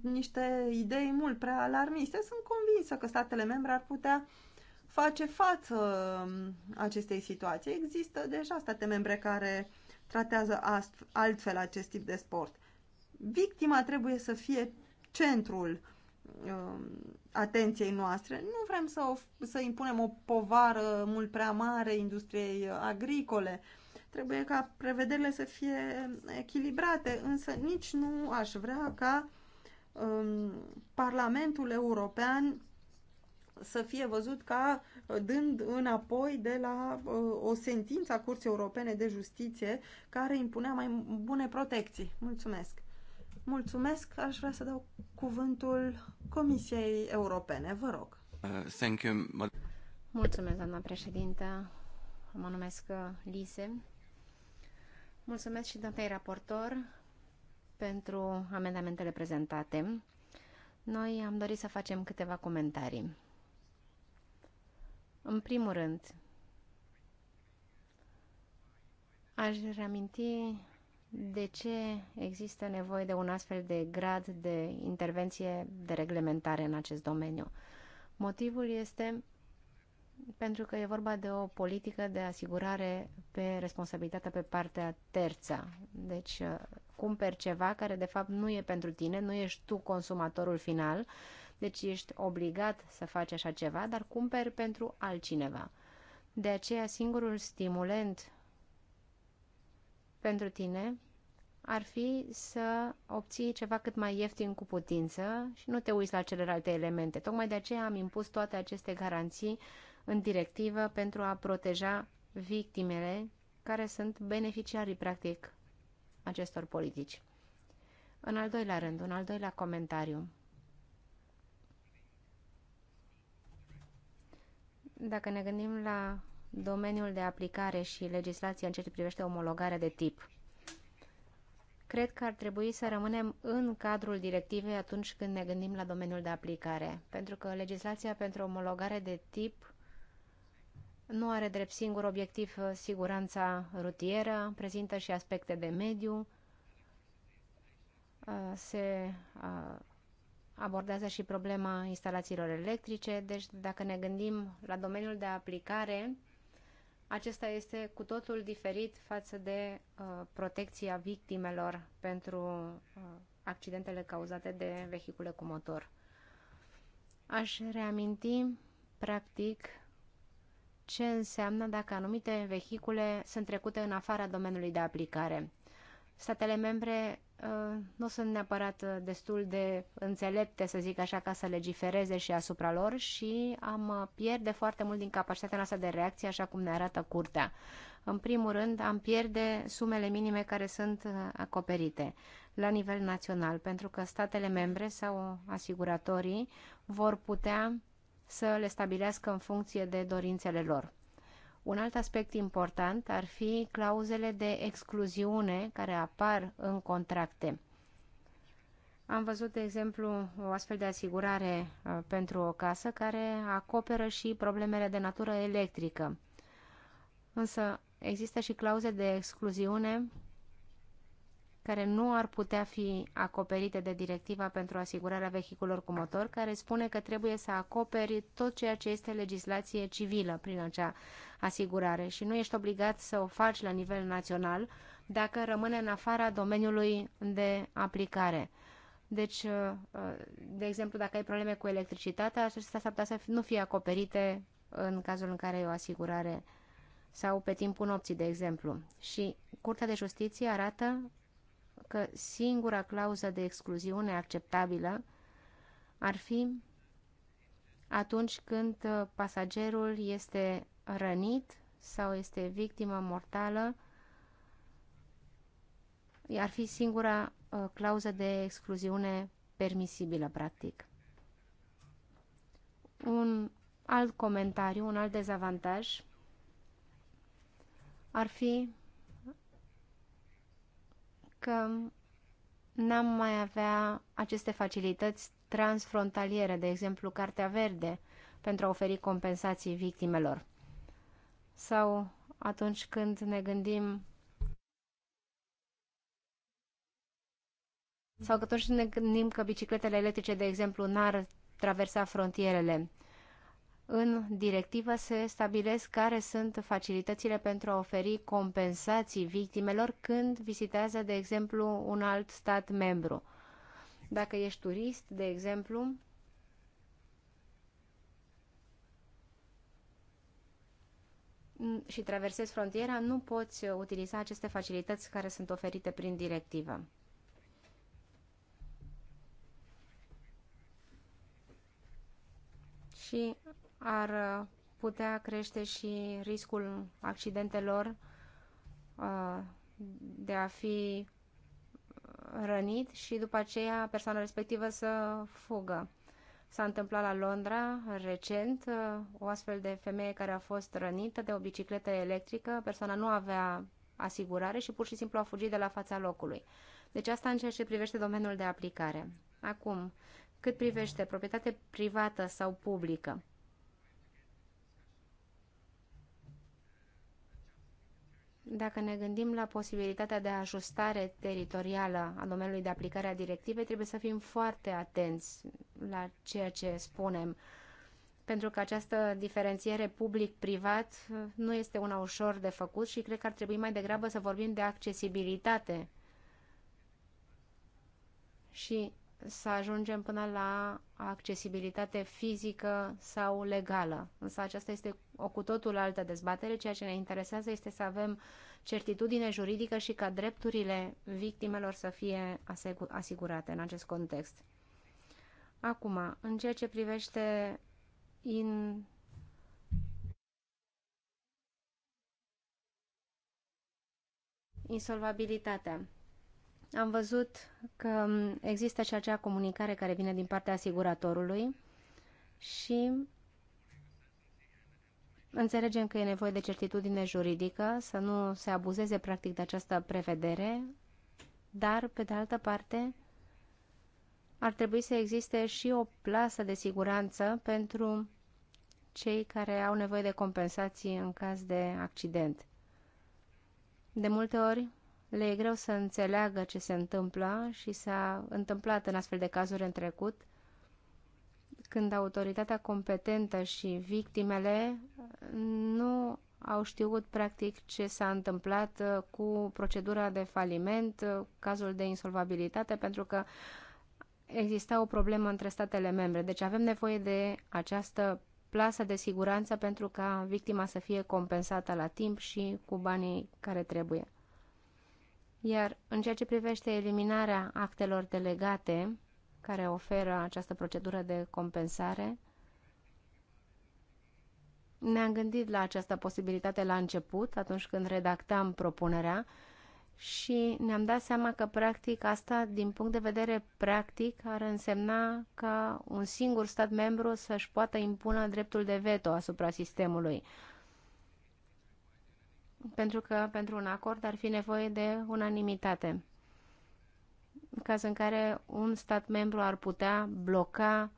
niște idei mult prea alarmiste. Sunt convinsă că statele membre ar putea face față acestei situații. Există deja state membre care uh, tratează altfel acest tip de sport. Victima trebuie să fie centrul uh, atenției noastre. Nu vrem să, o, să impunem o povară mult prea mare industriei agricole. Trebuie ca prevederile să fie echilibrate, însă nici nu aș vrea ca um, Parlamentul European să fie văzut ca dând înapoi de la uh, o sentință a Curții Europene de Justiție care impunea mai bune protecții. Mulțumesc! Mulțumesc! Aș vrea să dau cuvântul Comisiei Europene. Vă rog! Uh, thank you. Mulțumesc, doamna președintă. Mă numesc uh, Lise. Mulțumesc și doamnei raportor pentru amendamentele prezentate. Noi am dorit să facem câteva comentarii. În primul rând, aș reaminti de ce există nevoie de un astfel de grad de intervenție de reglementare în acest domeniu. Motivul este pentru că e vorba de o politică de asigurare pe responsabilitatea pe partea terța. Deci uh, cumperi ceva care de fapt nu e pentru tine, nu ești tu consumatorul final, deci ești obligat să faci așa ceva, dar cumperi pentru altcineva. De aceea singurul stimulent pentru tine ar fi să obții ceva cât mai ieftin cu putință și nu te uiți la celelalte elemente. Tocmai de aceea am impus toate aceste garanții în directivă pentru a proteja victimele care sunt beneficiarii, practic, acestor politici. În al doilea rând, un al doilea comentariu. Dacă ne gândim la domeniul de aplicare și legislația în ceea ce privește omologarea de tip, cred că ar trebui să rămânem în cadrul directivei atunci când ne gândim la domeniul de aplicare, pentru că legislația pentru omologare de tip nu are drept singur obiectiv siguranța rutieră, prezintă și aspecte de mediu, uh, se uh, abordează și problema instalațiilor electrice, deci dacă ne gândim la domeniul de aplicare, acesta este cu totul diferit față de uh, protecția victimelor pentru uh, accidentele cauzate de vehicule cu motor. Aș reaminti, practic, ce înseamnă dacă anumite vehicule sunt trecute în afara domeniului de aplicare. Statele membre Uh, nu sunt neapărat uh, destul de înțelepte, să zic așa, ca să legifereze și asupra lor și am uh, pierde foarte mult din capacitatea noastră de reacție, așa cum ne arată curtea. În primul rând, am pierde sumele minime care sunt acoperite la nivel național, pentru că statele membre sau asiguratorii vor putea să le stabilească în funcție de dorințele lor. Un alt aspect important ar fi clauzele de excluziune care apar în contracte. Am văzut, de exemplu, o astfel de asigurare uh, pentru o casă care acoperă și problemele de natură electrică. Însă există și clauze de excluziune care nu ar putea fi acoperite de directiva pentru asigurarea vehiculor cu motor, care spune că trebuie să acoperi tot ceea ce este legislație civilă prin acea asigurare și nu ești obligat să o faci la nivel național dacă rămâne în afara domeniului de aplicare. Deci, uh, de exemplu, dacă ai probleme cu electricitatea, acestea s-ar putea să nu fie acoperite în cazul în care e o asigurare sau pe timpul nopții, de exemplu. Și Curtea de Justiție arată că singura clauză de excluziune acceptabilă ar fi atunci când uh, pasagerul este rănit sau este victimă mortală, ar fi singura uh, clauză de excluziune permisibilă, practic. Un alt comentariu, un alt dezavantaj ar fi că n-am mai avea aceste facilități transfrontaliere, de exemplu Cartea Verde, pentru a oferi compensații victimelor. Sau atunci când ne gândim sau atunci când ne gândim că bicicletele electrice, de exemplu, n-ar traversa frontierele în directivă se stabilesc care sunt facilitățile pentru a oferi compensații victimelor când vizitează, de exemplu, un alt stat membru. Dacă ești turist, de exemplu, și traversezi frontiera, nu poți utiliza aceste facilități care sunt oferite prin directivă. Și ar uh, putea crește și riscul accidentelor uh, de a fi rănit și după aceea persoana respectivă să fugă. S-a întâmplat la Londra recent uh, o astfel de femeie care a fost rănită de o bicicletă electrică. Persoana nu avea asigurare și pur și simplu a fugit de la fața locului. Deci asta în ceea ce privește domeniul de aplicare. Acum, cât privește proprietate privată sau publică, Dacă ne gândim la posibilitatea de ajustare teritorială a domeniului de aplicare a directivei, trebuie să fim foarte atenți la ceea ce spunem, pentru că această diferențiere public-privat nu este una ușor de făcut și cred că ar trebui mai degrabă să vorbim de accesibilitate și să ajungem până la accesibilitate fizică sau legală. Însă aceasta este o cu totul altă dezbatere. Ceea ce ne interesează este să avem certitudine juridică și ca drepturile victimelor să fie asigurate în acest context. Acum, în ceea ce privește in... insolvabilitatea. Am văzut că există și acea comunicare care vine din partea asiguratorului și Înțelegem că e nevoie de certitudine juridică, să nu se abuzeze practic de această prevedere, dar, pe de altă parte, ar trebui să existe și o plasă de siguranță pentru cei care au nevoie de compensații în caz de accident. De multe ori le e greu să înțeleagă ce se întâmplă și s-a întâmplat în astfel de cazuri în trecut, când autoritatea competentă și victimele uh, nu au știut practic ce s-a întâmplat uh, cu procedura de faliment, uh, cazul de insolvabilitate, pentru că exista o problemă între statele membre. Deci avem nevoie de această plasă de siguranță pentru ca victima să fie compensată la timp și cu banii care trebuie. Iar în ceea ce privește eliminarea actelor delegate, care oferă această procedură de compensare. Ne-am gândit la această posibilitate la început, atunci când redactam propunerea, și ne-am dat seama că, practic, asta, din punct de vedere practic, ar însemna ca un singur stat membru să-și poată impună dreptul de veto asupra sistemului. Pentru că, pentru un acord, ar fi nevoie de unanimitate în caz în care un stat membru ar putea bloca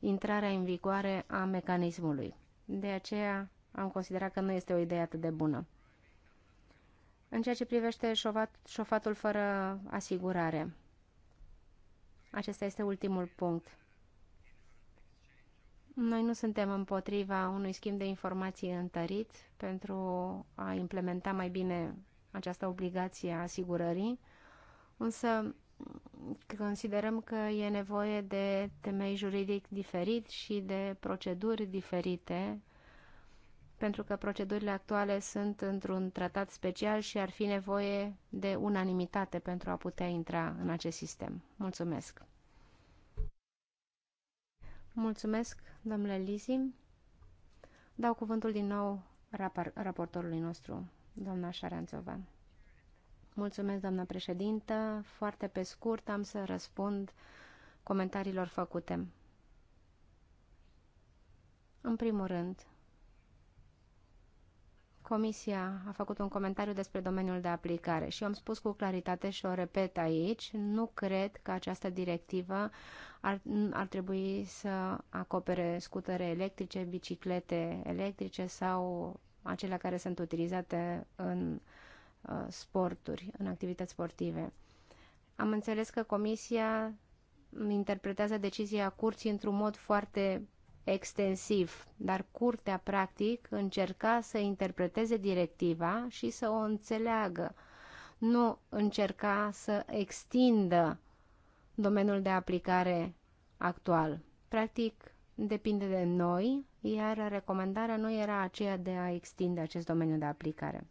intrarea în vigoare a mecanismului. De aceea am considerat că nu este o idee atât de bună. În ceea ce privește șofat, șofatul fără asigurare, acesta este ultimul punct. Noi nu suntem împotriva unui schimb de informații întărit pentru a implementa mai bine această obligație a asigurării, însă considerăm că e nevoie de temei juridic diferit și de proceduri diferite, pentru că procedurile actuale sunt într-un tratat special și ar fi nevoie de unanimitate pentru a putea intra în acest sistem. Mulțumesc! Mulțumesc, domnule Lizi. Dau cuvântul din nou raportorului nostru, doamna Șaranțova. Mulțumesc, doamnă președintă. Foarte pe scurt am să răspund comentariilor făcute. În primul rând, Comisia a făcut un comentariu despre domeniul de aplicare și am spus cu claritate și o repet aici, nu cred că această directivă ar, ar trebui să acopere scutere electrice, biciclete electrice sau acelea care sunt utilizate în uh, Uh, sporturi, în activități sportive. Am înțeles că Comisia interpretează decizia curții într-un mod foarte extensiv, dar curtea practic încerca să interpreteze directiva și să o înțeleagă, nu încerca să extindă domeniul de aplicare actual. Practic, depinde de noi, iar recomandarea nu era aceea de a extinde acest domeniu de aplicare.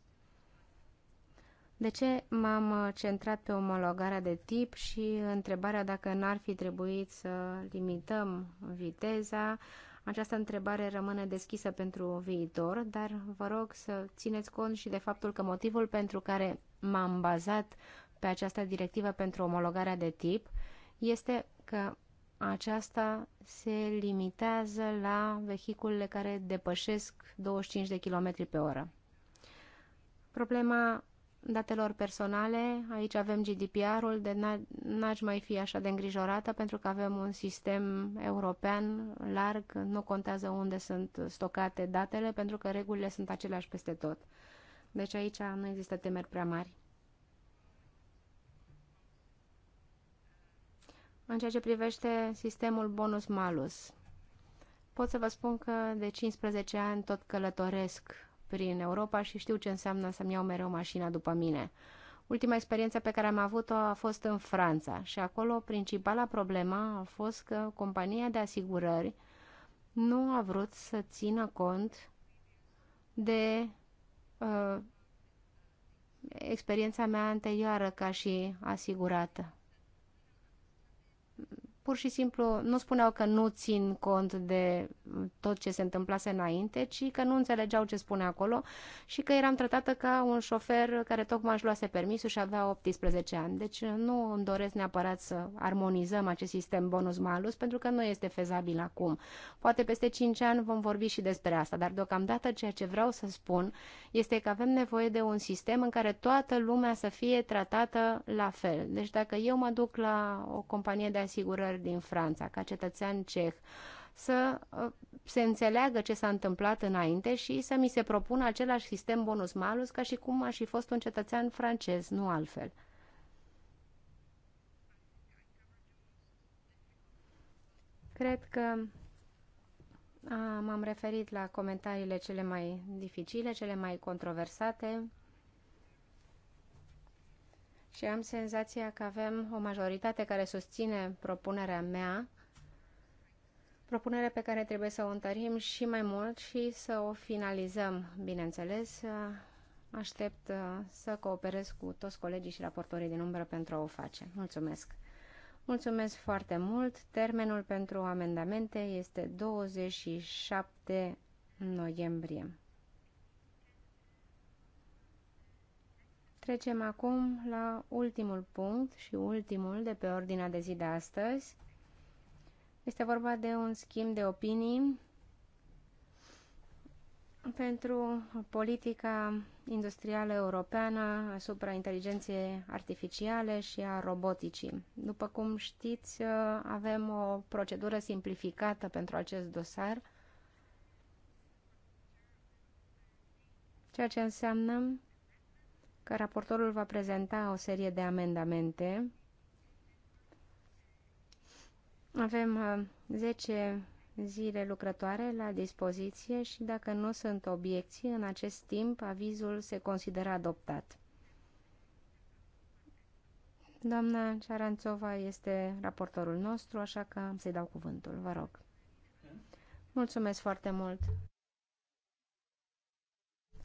De ce m-am uh, centrat pe omologarea de tip și uh, întrebarea dacă n-ar fi trebuit să limităm viteza? Această întrebare rămâne deschisă pentru viitor, dar vă rog să țineți cont și de faptul că motivul pentru care m-am bazat pe această directivă pentru omologarea de tip este că aceasta se limitează la vehiculele care depășesc 25 de km pe oră. Problema datelor personale, aici avem GDPR-ul, de n-aș mai fi așa de îngrijorată pentru că avem un sistem european larg, nu contează unde sunt stocate datele pentru că regulile sunt aceleași peste tot. Deci aici nu există temeri prea mari. În ceea ce privește sistemul bonus-malus, pot să vă spun că de 15 ani tot călătoresc prin Europa și știu ce înseamnă să-mi iau mereu mașina după mine. Ultima experiență pe care am avut-o a fost în Franța și acolo principala problema a fost că compania de asigurări nu a vrut să țină cont de uh, experiența mea anterioară ca și asigurată pur și simplu nu spuneau că nu țin cont de tot ce se întâmplase înainte, ci că nu înțelegeau ce spune acolo și că eram tratată ca un șofer care tocmai își luase permisul și avea 18 ani. Deci nu îmi doresc neapărat să armonizăm acest sistem bonus-malus, pentru că nu este fezabil acum. Poate peste 5 ani vom vorbi și despre asta, dar deocamdată ceea ce vreau să spun este că avem nevoie de un sistem în care toată lumea să fie tratată la fel. Deci dacă eu mă duc la o companie de asigurări național din Franța, ca cetățean ceh, să uh, se înțeleagă ce s-a întâmplat înainte și să mi se propună același sistem bonus-malus ca și cum aș fi fost un cetățean francez, nu altfel. Cred că m-am referit la comentariile cele mai dificile, cele mai controversate și am senzația că avem o majoritate care susține propunerea mea, propunere pe care trebuie să o întărim și mai mult și să o finalizăm, bineînțeles. Aștept uh, să cooperez cu toți colegii și raportorii din umbră pentru a o face. Mulțumesc! Mulțumesc foarte mult! Termenul pentru amendamente este 27 noiembrie. Trecem acum la ultimul punct și ultimul de pe ordinea de zi de astăzi. Este vorba de un schimb de opinii pentru politica industrială europeană asupra inteligenței artificiale și a roboticii. După cum știți, avem o procedură simplificată pentru acest dosar, ceea ce înseamnă că raportorul va prezenta o serie de amendamente. Avem 10 uh, zile lucrătoare la dispoziție și dacă nu sunt obiecții, în acest timp avizul se consideră adoptat. Doamna Cearanțova este raportorul nostru, așa că am să-i dau cuvântul. Vă rog. Mulțumesc foarte mult!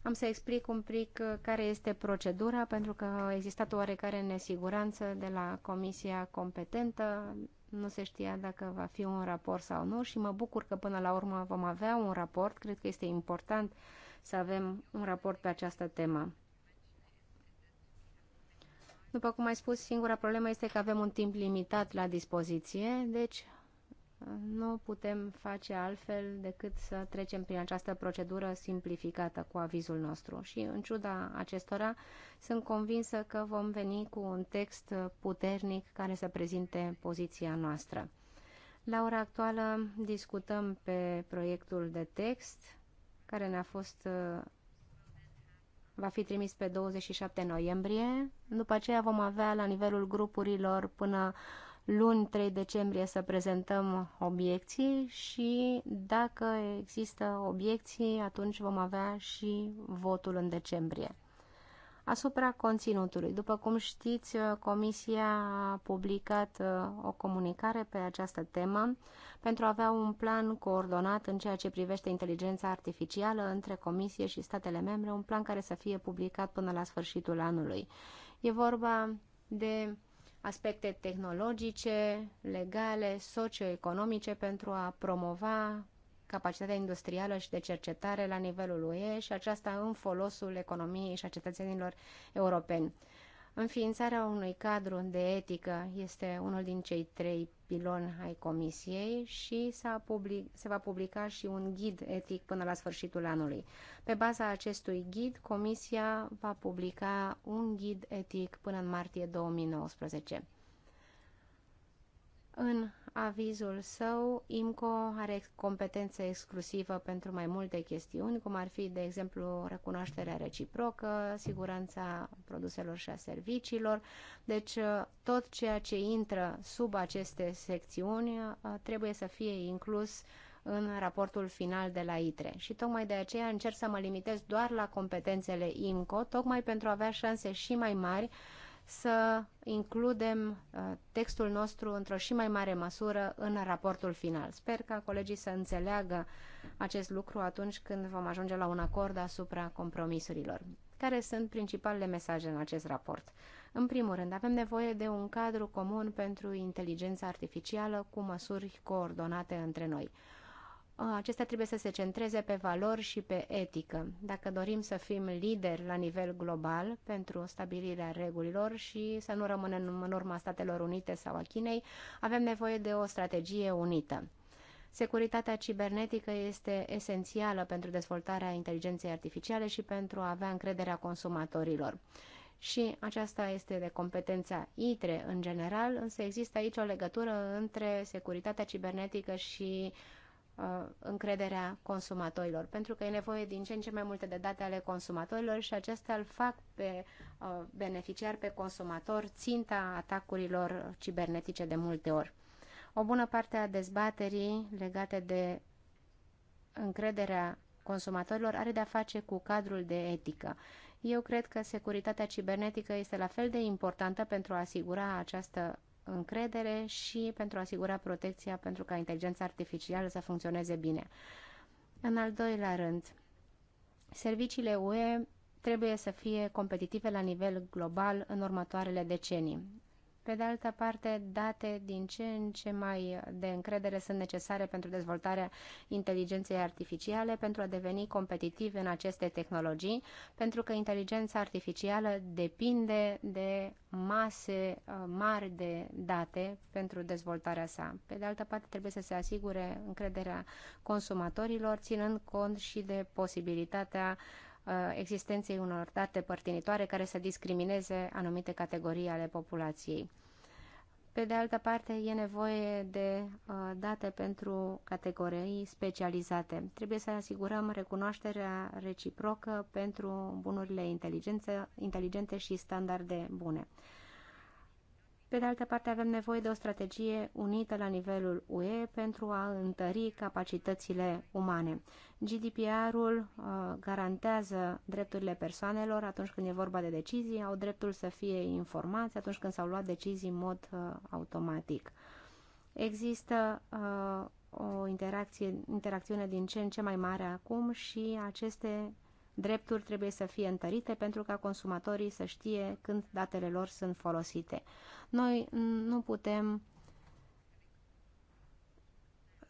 Am să explic un pic uh, care este procedura, pentru că a existat oarecare nesiguranță de la comisia competentă. Nu se știa dacă va fi un raport sau nu și mă bucur că până la urmă vom avea un raport. Cred că este important să avem un raport pe această temă. După cum ai spus, singura problemă este că avem un timp limitat la dispoziție, deci nu putem face altfel decât să trecem prin această procedură simplificată cu avizul nostru și, în ciuda acestora, sunt convinsă că vom veni cu un text puternic care să prezinte poziția noastră. La ora actuală discutăm pe proiectul de text care ne-a fost va fi trimis pe 27 noiembrie. După aceea vom avea la nivelul grupurilor până luni 3 decembrie să prezentăm obiecții și dacă există obiecții, atunci vom avea și votul în decembrie. Asupra conținutului. După cum știți, Comisia a publicat uh, o comunicare pe această temă pentru a avea un plan coordonat în ceea ce privește inteligența artificială între Comisie și statele membre, un plan care să fie publicat până la sfârșitul anului. E vorba de aspecte tehnologice, legale, socioeconomice pentru a promova capacitatea industrială și de cercetare la nivelul UE și aceasta în folosul economiei și a cetățenilor europeni. Înființarea unui cadru de etică este unul din cei trei pilon ai Comisiei și public, se va publica și un ghid etic până la sfârșitul anului. Pe baza acestui ghid, Comisia va publica un ghid etic până în martie 2019. În avizul său, IMCO are competență exclusivă pentru mai multe chestiuni, cum ar fi, de exemplu, recunoașterea reciprocă, siguranța produselor și a serviciilor. Deci, uh, tot ceea ce intră sub aceste secțiuni uh, trebuie să fie inclus în raportul final de la ITRE. Și tocmai de aceea încerc să mă limitez doar la competențele IMCO, tocmai pentru a avea șanse și mai mari uh, să includem uh, textul nostru într-o și mai mare măsură în raportul final. Sper ca colegii să înțeleagă acest lucru atunci când vom ajunge la un acord asupra compromisurilor. Care sunt principalele mesaje în acest raport? În primul rând, avem nevoie de un cadru comun pentru inteligența artificială cu măsuri coordonate între noi. Ah, acestea trebuie să se centreze pe valori și pe etică. Dacă dorim să fim lideri la nivel global pentru stabilirea regulilor și să nu rămânem în urma Statelor Unite sau a Chinei, avem nevoie de o strategie unită. Securitatea cibernetică este esențială pentru dezvoltarea inteligenței artificiale și pentru a avea încrederea consumatorilor și aceasta este de competența ITRE în general, însă există aici o legătură între securitatea cibernetică și Uh, încrederea consumatorilor, pentru că e nevoie din ce în ce mai multe de date ale consumatorilor și acestea îl fac pe uh, beneficiar, pe consumator, ținta atacurilor cibernetice de multe ori. O bună parte a dezbaterii legate de încrederea consumatorilor are de-a face cu cadrul de etică. Eu cred că securitatea cibernetică este la fel de importantă pentru a asigura această încredere și pentru a asigura protecția pentru ca inteligența artificială să funcționeze bine. În al doilea rând, serviciile UE trebuie să fie competitive la nivel global în următoarele decenii. Pe de altă parte, date din ce în ce mai de încredere sunt necesare pentru dezvoltarea inteligenței artificiale, pentru a deveni competitiv în aceste tehnologii, pentru că inteligența artificială depinde de mase uh, mari de date pentru dezvoltarea sa. Pe de altă parte, trebuie să se asigure încrederea consumatorilor, ținând cont și de posibilitatea uh, Uh, existenței unor date părtinitoare care să discrimineze anumite categorii ale populației. Pe de altă parte, e nevoie de uh, date pentru categorii specializate. Trebuie să asigurăm recunoașterea reciprocă pentru bunurile inteligente și standarde bune. Pe de altă parte, avem nevoie de o strategie unită la nivelul UE pentru a întări capacitățile umane. GDPR-ul uh, garantează drepturile persoanelor atunci când e vorba de decizii, au dreptul să fie informați atunci când s-au luat decizii în mod uh, automatic. Există uh, o interacție, interacțiune din ce în ce mai mare acum și aceste drepturi trebuie să fie întărite pentru ca consumatorii să știe când datele lor sunt folosite. Noi nu putem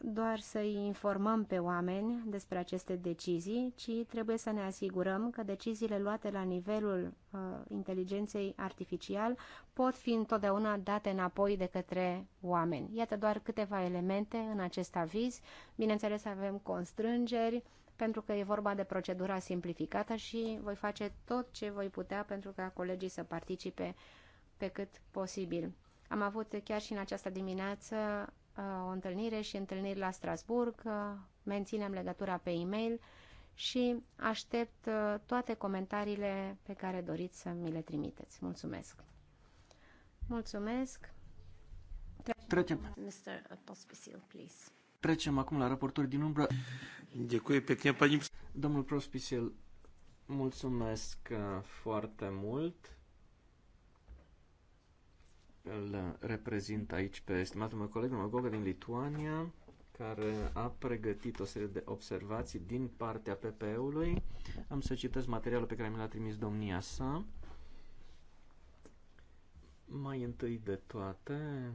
doar să-i informăm pe oameni despre aceste decizii, ci trebuie să ne asigurăm că deciziile luate la nivelul uh, inteligenței artificial pot fi întotdeauna date înapoi de către oameni. Iată doar câteva elemente în acest aviz. Bineînțeles, avem constrângeri, pentru că e vorba de procedura simplificată și voi face tot ce voi putea pentru ca colegii să participe pe cât posibil. Am avut chiar și în această dimineață uh, o întâlnire și întâlniri la Strasburg, uh, menținem legătura pe e-mail și aștept uh, toate comentariile pe care doriți să mi le trimiteți. Mulțumesc! Mulțumesc! Trecem. Mr. Pospisil, please. Trecem acum la raportori din umbră. Domnul Prospisil, mulțumesc uh, foarte mult. Îl reprezint aici pe estimatul meu coleg, Magoga din Lituania, care a pregătit o serie de observații din partea PPE-ului. Am să citesc materialul pe care mi l-a trimis domnia sa. Mai întâi de toate,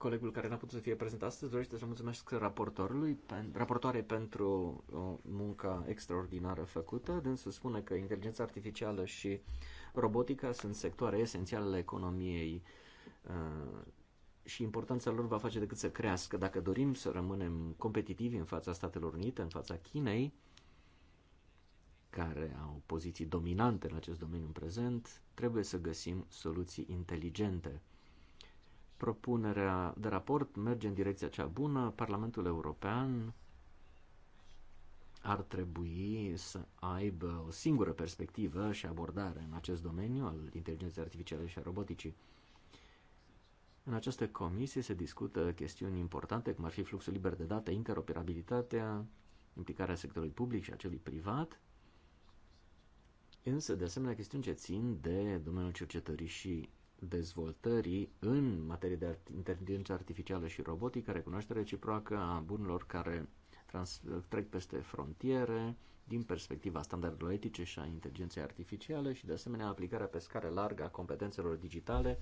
Colegul care n-a putut să fie prezent astăzi dorește să mulțumesc raportorului, pen, raportoare pentru o munca extraordinară făcută. Dânsul spune că inteligența artificială și robotica sunt sectoare esențiale ale economiei uh, și importanța lor va face decât să crească. Dacă dorim să rămânem competitivi în fața Statelor Unite, în fața Chinei, care au poziții dominante în acest domeniu în prezent, trebuie să găsim soluții inteligente. Propunerea de raport merge în direcția cea bună. Parlamentul European ar trebui să aibă o singură perspectivă și abordare în acest domeniu al inteligenței artificiale și a roboticii. În această comisie se discută chestiuni importante, cum ar fi fluxul liber de date, interoperabilitatea, implicarea sectorului public și a celui privat, însă, de asemenea, chestiuni ce țin de domeniul cercetării și dezvoltării în materie de inteligență artificială și robotică, recunoaștere reciprocă a bunurilor care trans, trec peste frontiere din perspectiva standardelor etice și a inteligenței artificiale și, de asemenea, aplicarea pe scară largă a competențelor digitale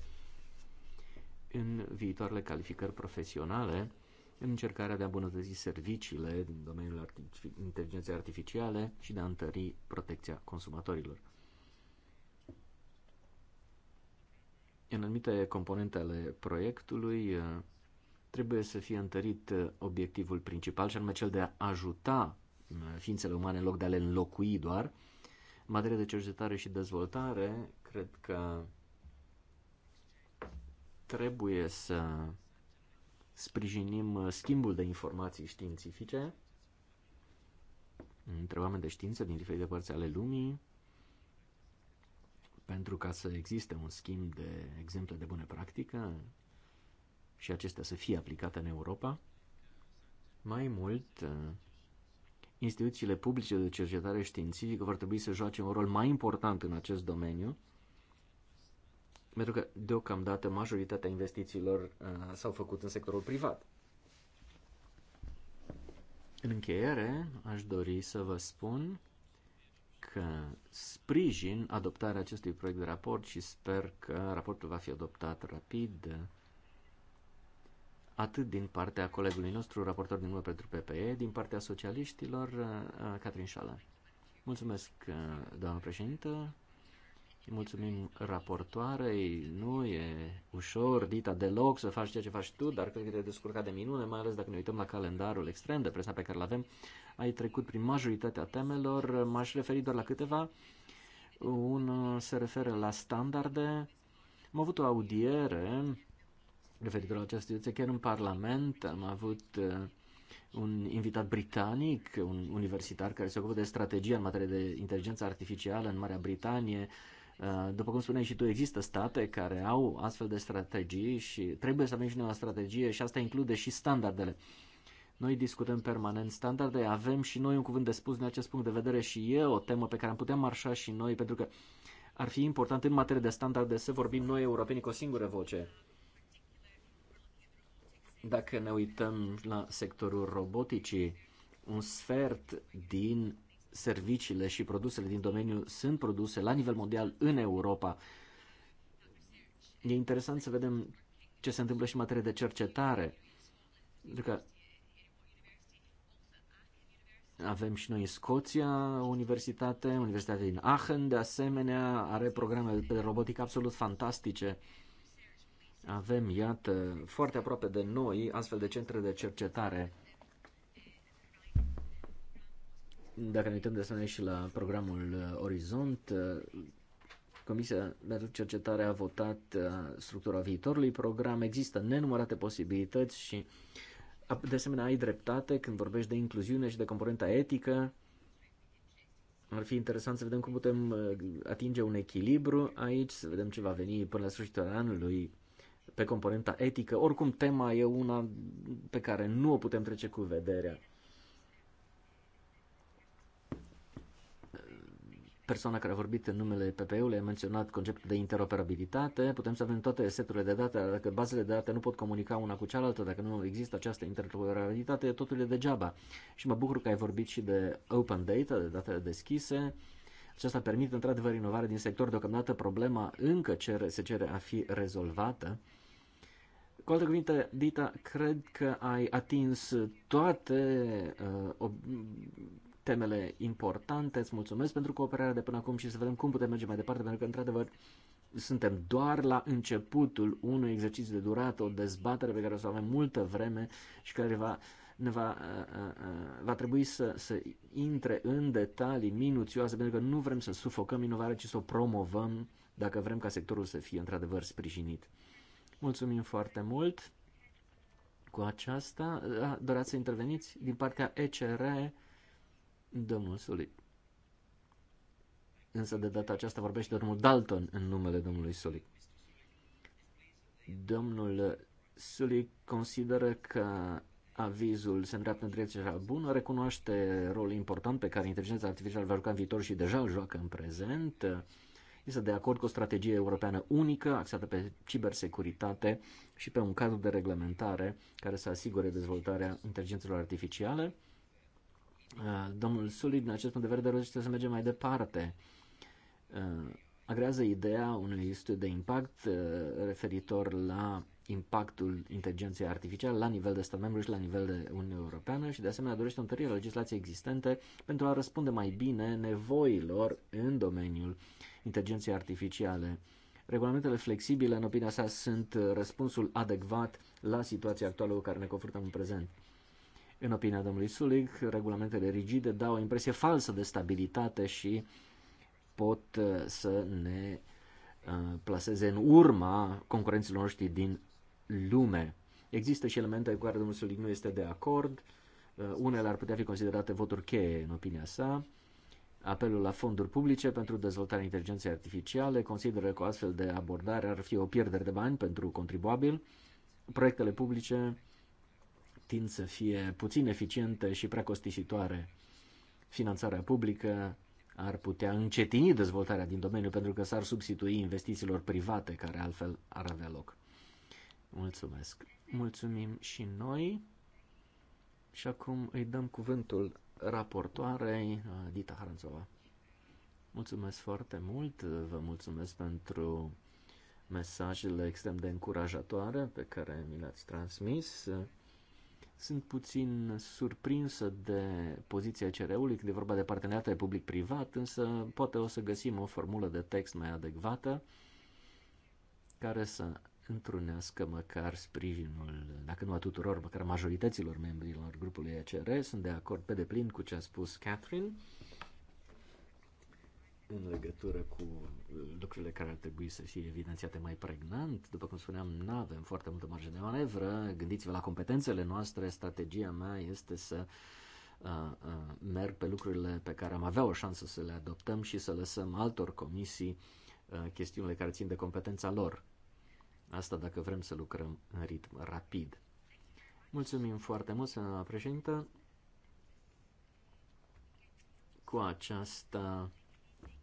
în viitoarele calificări profesionale, în încercarea de a îmbunătăți serviciile din domeniul artific- inteligenței artificiale și de a întări protecția consumatorilor. în anumite componente ale proiectului uh, trebuie să fie întărit uh, obiectivul principal, și anume cel de a ajuta uh, ființele umane în loc de a le înlocui doar. În materie de cercetare și dezvoltare, cred că trebuie să sprijinim schimbul de informații științifice între oameni de știință din diferite părți ale lumii, pentru ca să existe un schimb de exemple de bune practică și acestea să fie aplicate în Europa. Mai mult, instituțiile publice de cercetare științifică vor trebui să joace un rol mai important în acest domeniu, pentru că deocamdată majoritatea investițiilor uh, s-au făcut în sectorul privat. În încheiere, aș dori să vă spun că sprijin adoptarea acestui proiect de raport și sper că raportul va fi adoptat rapid atât din partea colegului nostru, raportor din urmă pentru PPE, din partea socialiștilor, uh, Catrin Șala. Mulțumesc, uh, doamnă președintă. Îi mulțumim raportoarei, nu e ușor, Dita, deloc să faci ceea ce faci tu, dar cred că te-ai descurcat de minune, mai ales dacă ne uităm la calendarul extrem de presa pe care îl avem. Ai trecut prin majoritatea temelor, m-aș referi doar la câteva. un uh, se referă la standarde. Am avut o audiere referitor la această situație chiar în Parlament. Am avut uh, un invitat britanic, un universitar care se ocupă de strategia în materie de inteligență artificială în Marea Britanie, Uh, după cum spuneai și tu, există state care au astfel de strategii și trebuie să avem și noi o strategie și asta include și standardele. Noi discutăm permanent standarde, avem și noi un cuvânt de spus din acest punct de vedere și e o temă pe care am putea marșa și noi, pentru că ar fi important în materie de standarde să vorbim noi europenii cu o singură voce. Dacă ne uităm la sectorul roboticii, un sfert din serviciile și produsele din domeniu sunt produse la nivel mondial în Europa. E interesant să vedem ce se întâmplă și în materie de cercetare. Pentru că avem și noi în Scoția o universitate, Universitatea din Aachen, de asemenea, are programe de robotică absolut fantastice. Avem, iată, foarte aproape de noi astfel de centre de cercetare Dacă ne uităm de asemenea și la programul uh, Orizont, uh, Comisia pentru Cercetare a votat uh, structura viitorului program. Există nenumărate posibilități și, de asemenea, ai dreptate când vorbești de incluziune și de componenta etică. Ar fi interesant să vedem cum putem atinge un echilibru aici, să vedem ce va veni până la sfârșitul anului pe componenta etică. Oricum, tema e una pe care nu o putem trece cu vederea. Persoana care a vorbit în numele PPE-ului a menționat conceptul de interoperabilitate. Putem să avem toate seturile de date, dar dacă bazele de date nu pot comunica una cu cealaltă, dacă nu există această interoperabilitate, totul e degeaba. Și mă bucur că ai vorbit și de open data, de datele deschise. Aceasta permite într-adevăr inovare din sector. Deocamdată problema încă cere, se cere a fi rezolvată. Cu alte cuvinte, Dita, cred că ai atins toate uh, ob- temele importante. Îți mulțumesc pentru cooperarea de până acum și să vedem cum putem merge mai departe, pentru că, într-adevăr, suntem doar la începutul unui exercițiu de durată, o dezbatere pe care o să o avem multă vreme și care va, ne va, va trebui să, să intre în detalii minuțioase, pentru că nu vrem să sufocăm inovarea, ci să o promovăm dacă vrem ca sectorul să fie într-adevăr sprijinit. Mulțumim foarte mult! Cu aceasta, doreați să interveniți din partea ECR Domnul Sulic. Însă de data aceasta vorbește domnul Dalton în numele domnului Sulic. Domnul Sulic consideră că avizul se îndreaptă în direcția cea bună, recunoaște rolul important pe care inteligența artificială va juca în viitor și deja îl joacă în prezent. Este de acord cu o strategie europeană unică, axată pe cibersecuritate și pe un cadru de reglementare care să asigure dezvoltarea inteligențelor artificiale. Uh, domnul Sully, din acest punct de vedere, dorește să mergem mai departe. Uh, agrează ideea unui studiu de impact uh, referitor la impactul inteligenței artificiale la nivel de stat membru și la nivel de Uniunea Europeană și de asemenea dorește întărirea legislației existente pentru a răspunde mai bine nevoilor în domeniul inteligenței artificiale. Regulamentele flexibile, în opinia sa, sunt răspunsul adecvat la situația actuală cu care ne confruntăm în prezent. În opinia domnului Sulic, regulamentele rigide dau o impresie falsă de stabilitate și pot uh, să ne uh, plaseze în urma concurenților noștri din lume. Există și elemente cu care domnul Sulic nu este de acord. Uh, unele ar putea fi considerate voturi cheie, în opinia sa apelul la fonduri publice pentru dezvoltarea inteligenței artificiale, consideră că o astfel de abordare ar fi o pierdere de bani pentru contribuabil. Proiectele publice tind să fie puțin eficiente și prea costisitoare. Finanțarea publică ar putea încetini dezvoltarea din domeniu pentru că s-ar substitui investițiilor private care altfel ar avea loc. Mulțumesc. Mulțumim și noi. Și acum îi dăm cuvântul raportoarei uh, Dita Haranțova. Mulțumesc foarte mult, vă mulțumesc pentru mesajele extrem de încurajatoare pe care mi le-ați transmis. Sunt puțin surprinsă de poziția CR-ului când e vorba de parteneriatul public-privat, însă poate o să găsim o formulă de text mai adecvată care să întrunească măcar sprijinul, dacă nu a tuturor, măcar majorităților membrilor grupului ECR. Sunt de acord pe deplin cu ce a spus Catherine în legătură cu lucrurile care ar trebui să fie evidențiate mai pregnant. După cum spuneam, nu avem foarte multă marge de manevră. Gândiți-vă la competențele noastre. Strategia mea este să uh, uh, merg pe lucrurile pe care am avea o șansă să le adoptăm și să lăsăm altor comisii uh, chestiunile care țin de competența lor. Asta dacă vrem să lucrăm în ritm rapid. Mulțumim foarte mult, doamna președintă. Cu aceasta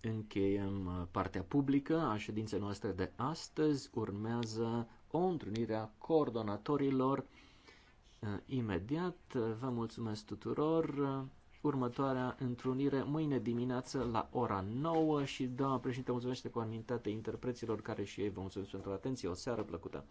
Încheiem uh, partea publică a ședinței noastre de astăzi. Urmează o întrunire a coordonatorilor uh, imediat. Uh, vă mulțumesc tuturor. Următoarea întrunire mâine dimineață la ora 9 și doamna președinte mulțumesc cu amintate interpreților care și ei vă mulțumesc pentru atenție. O seară plăcută!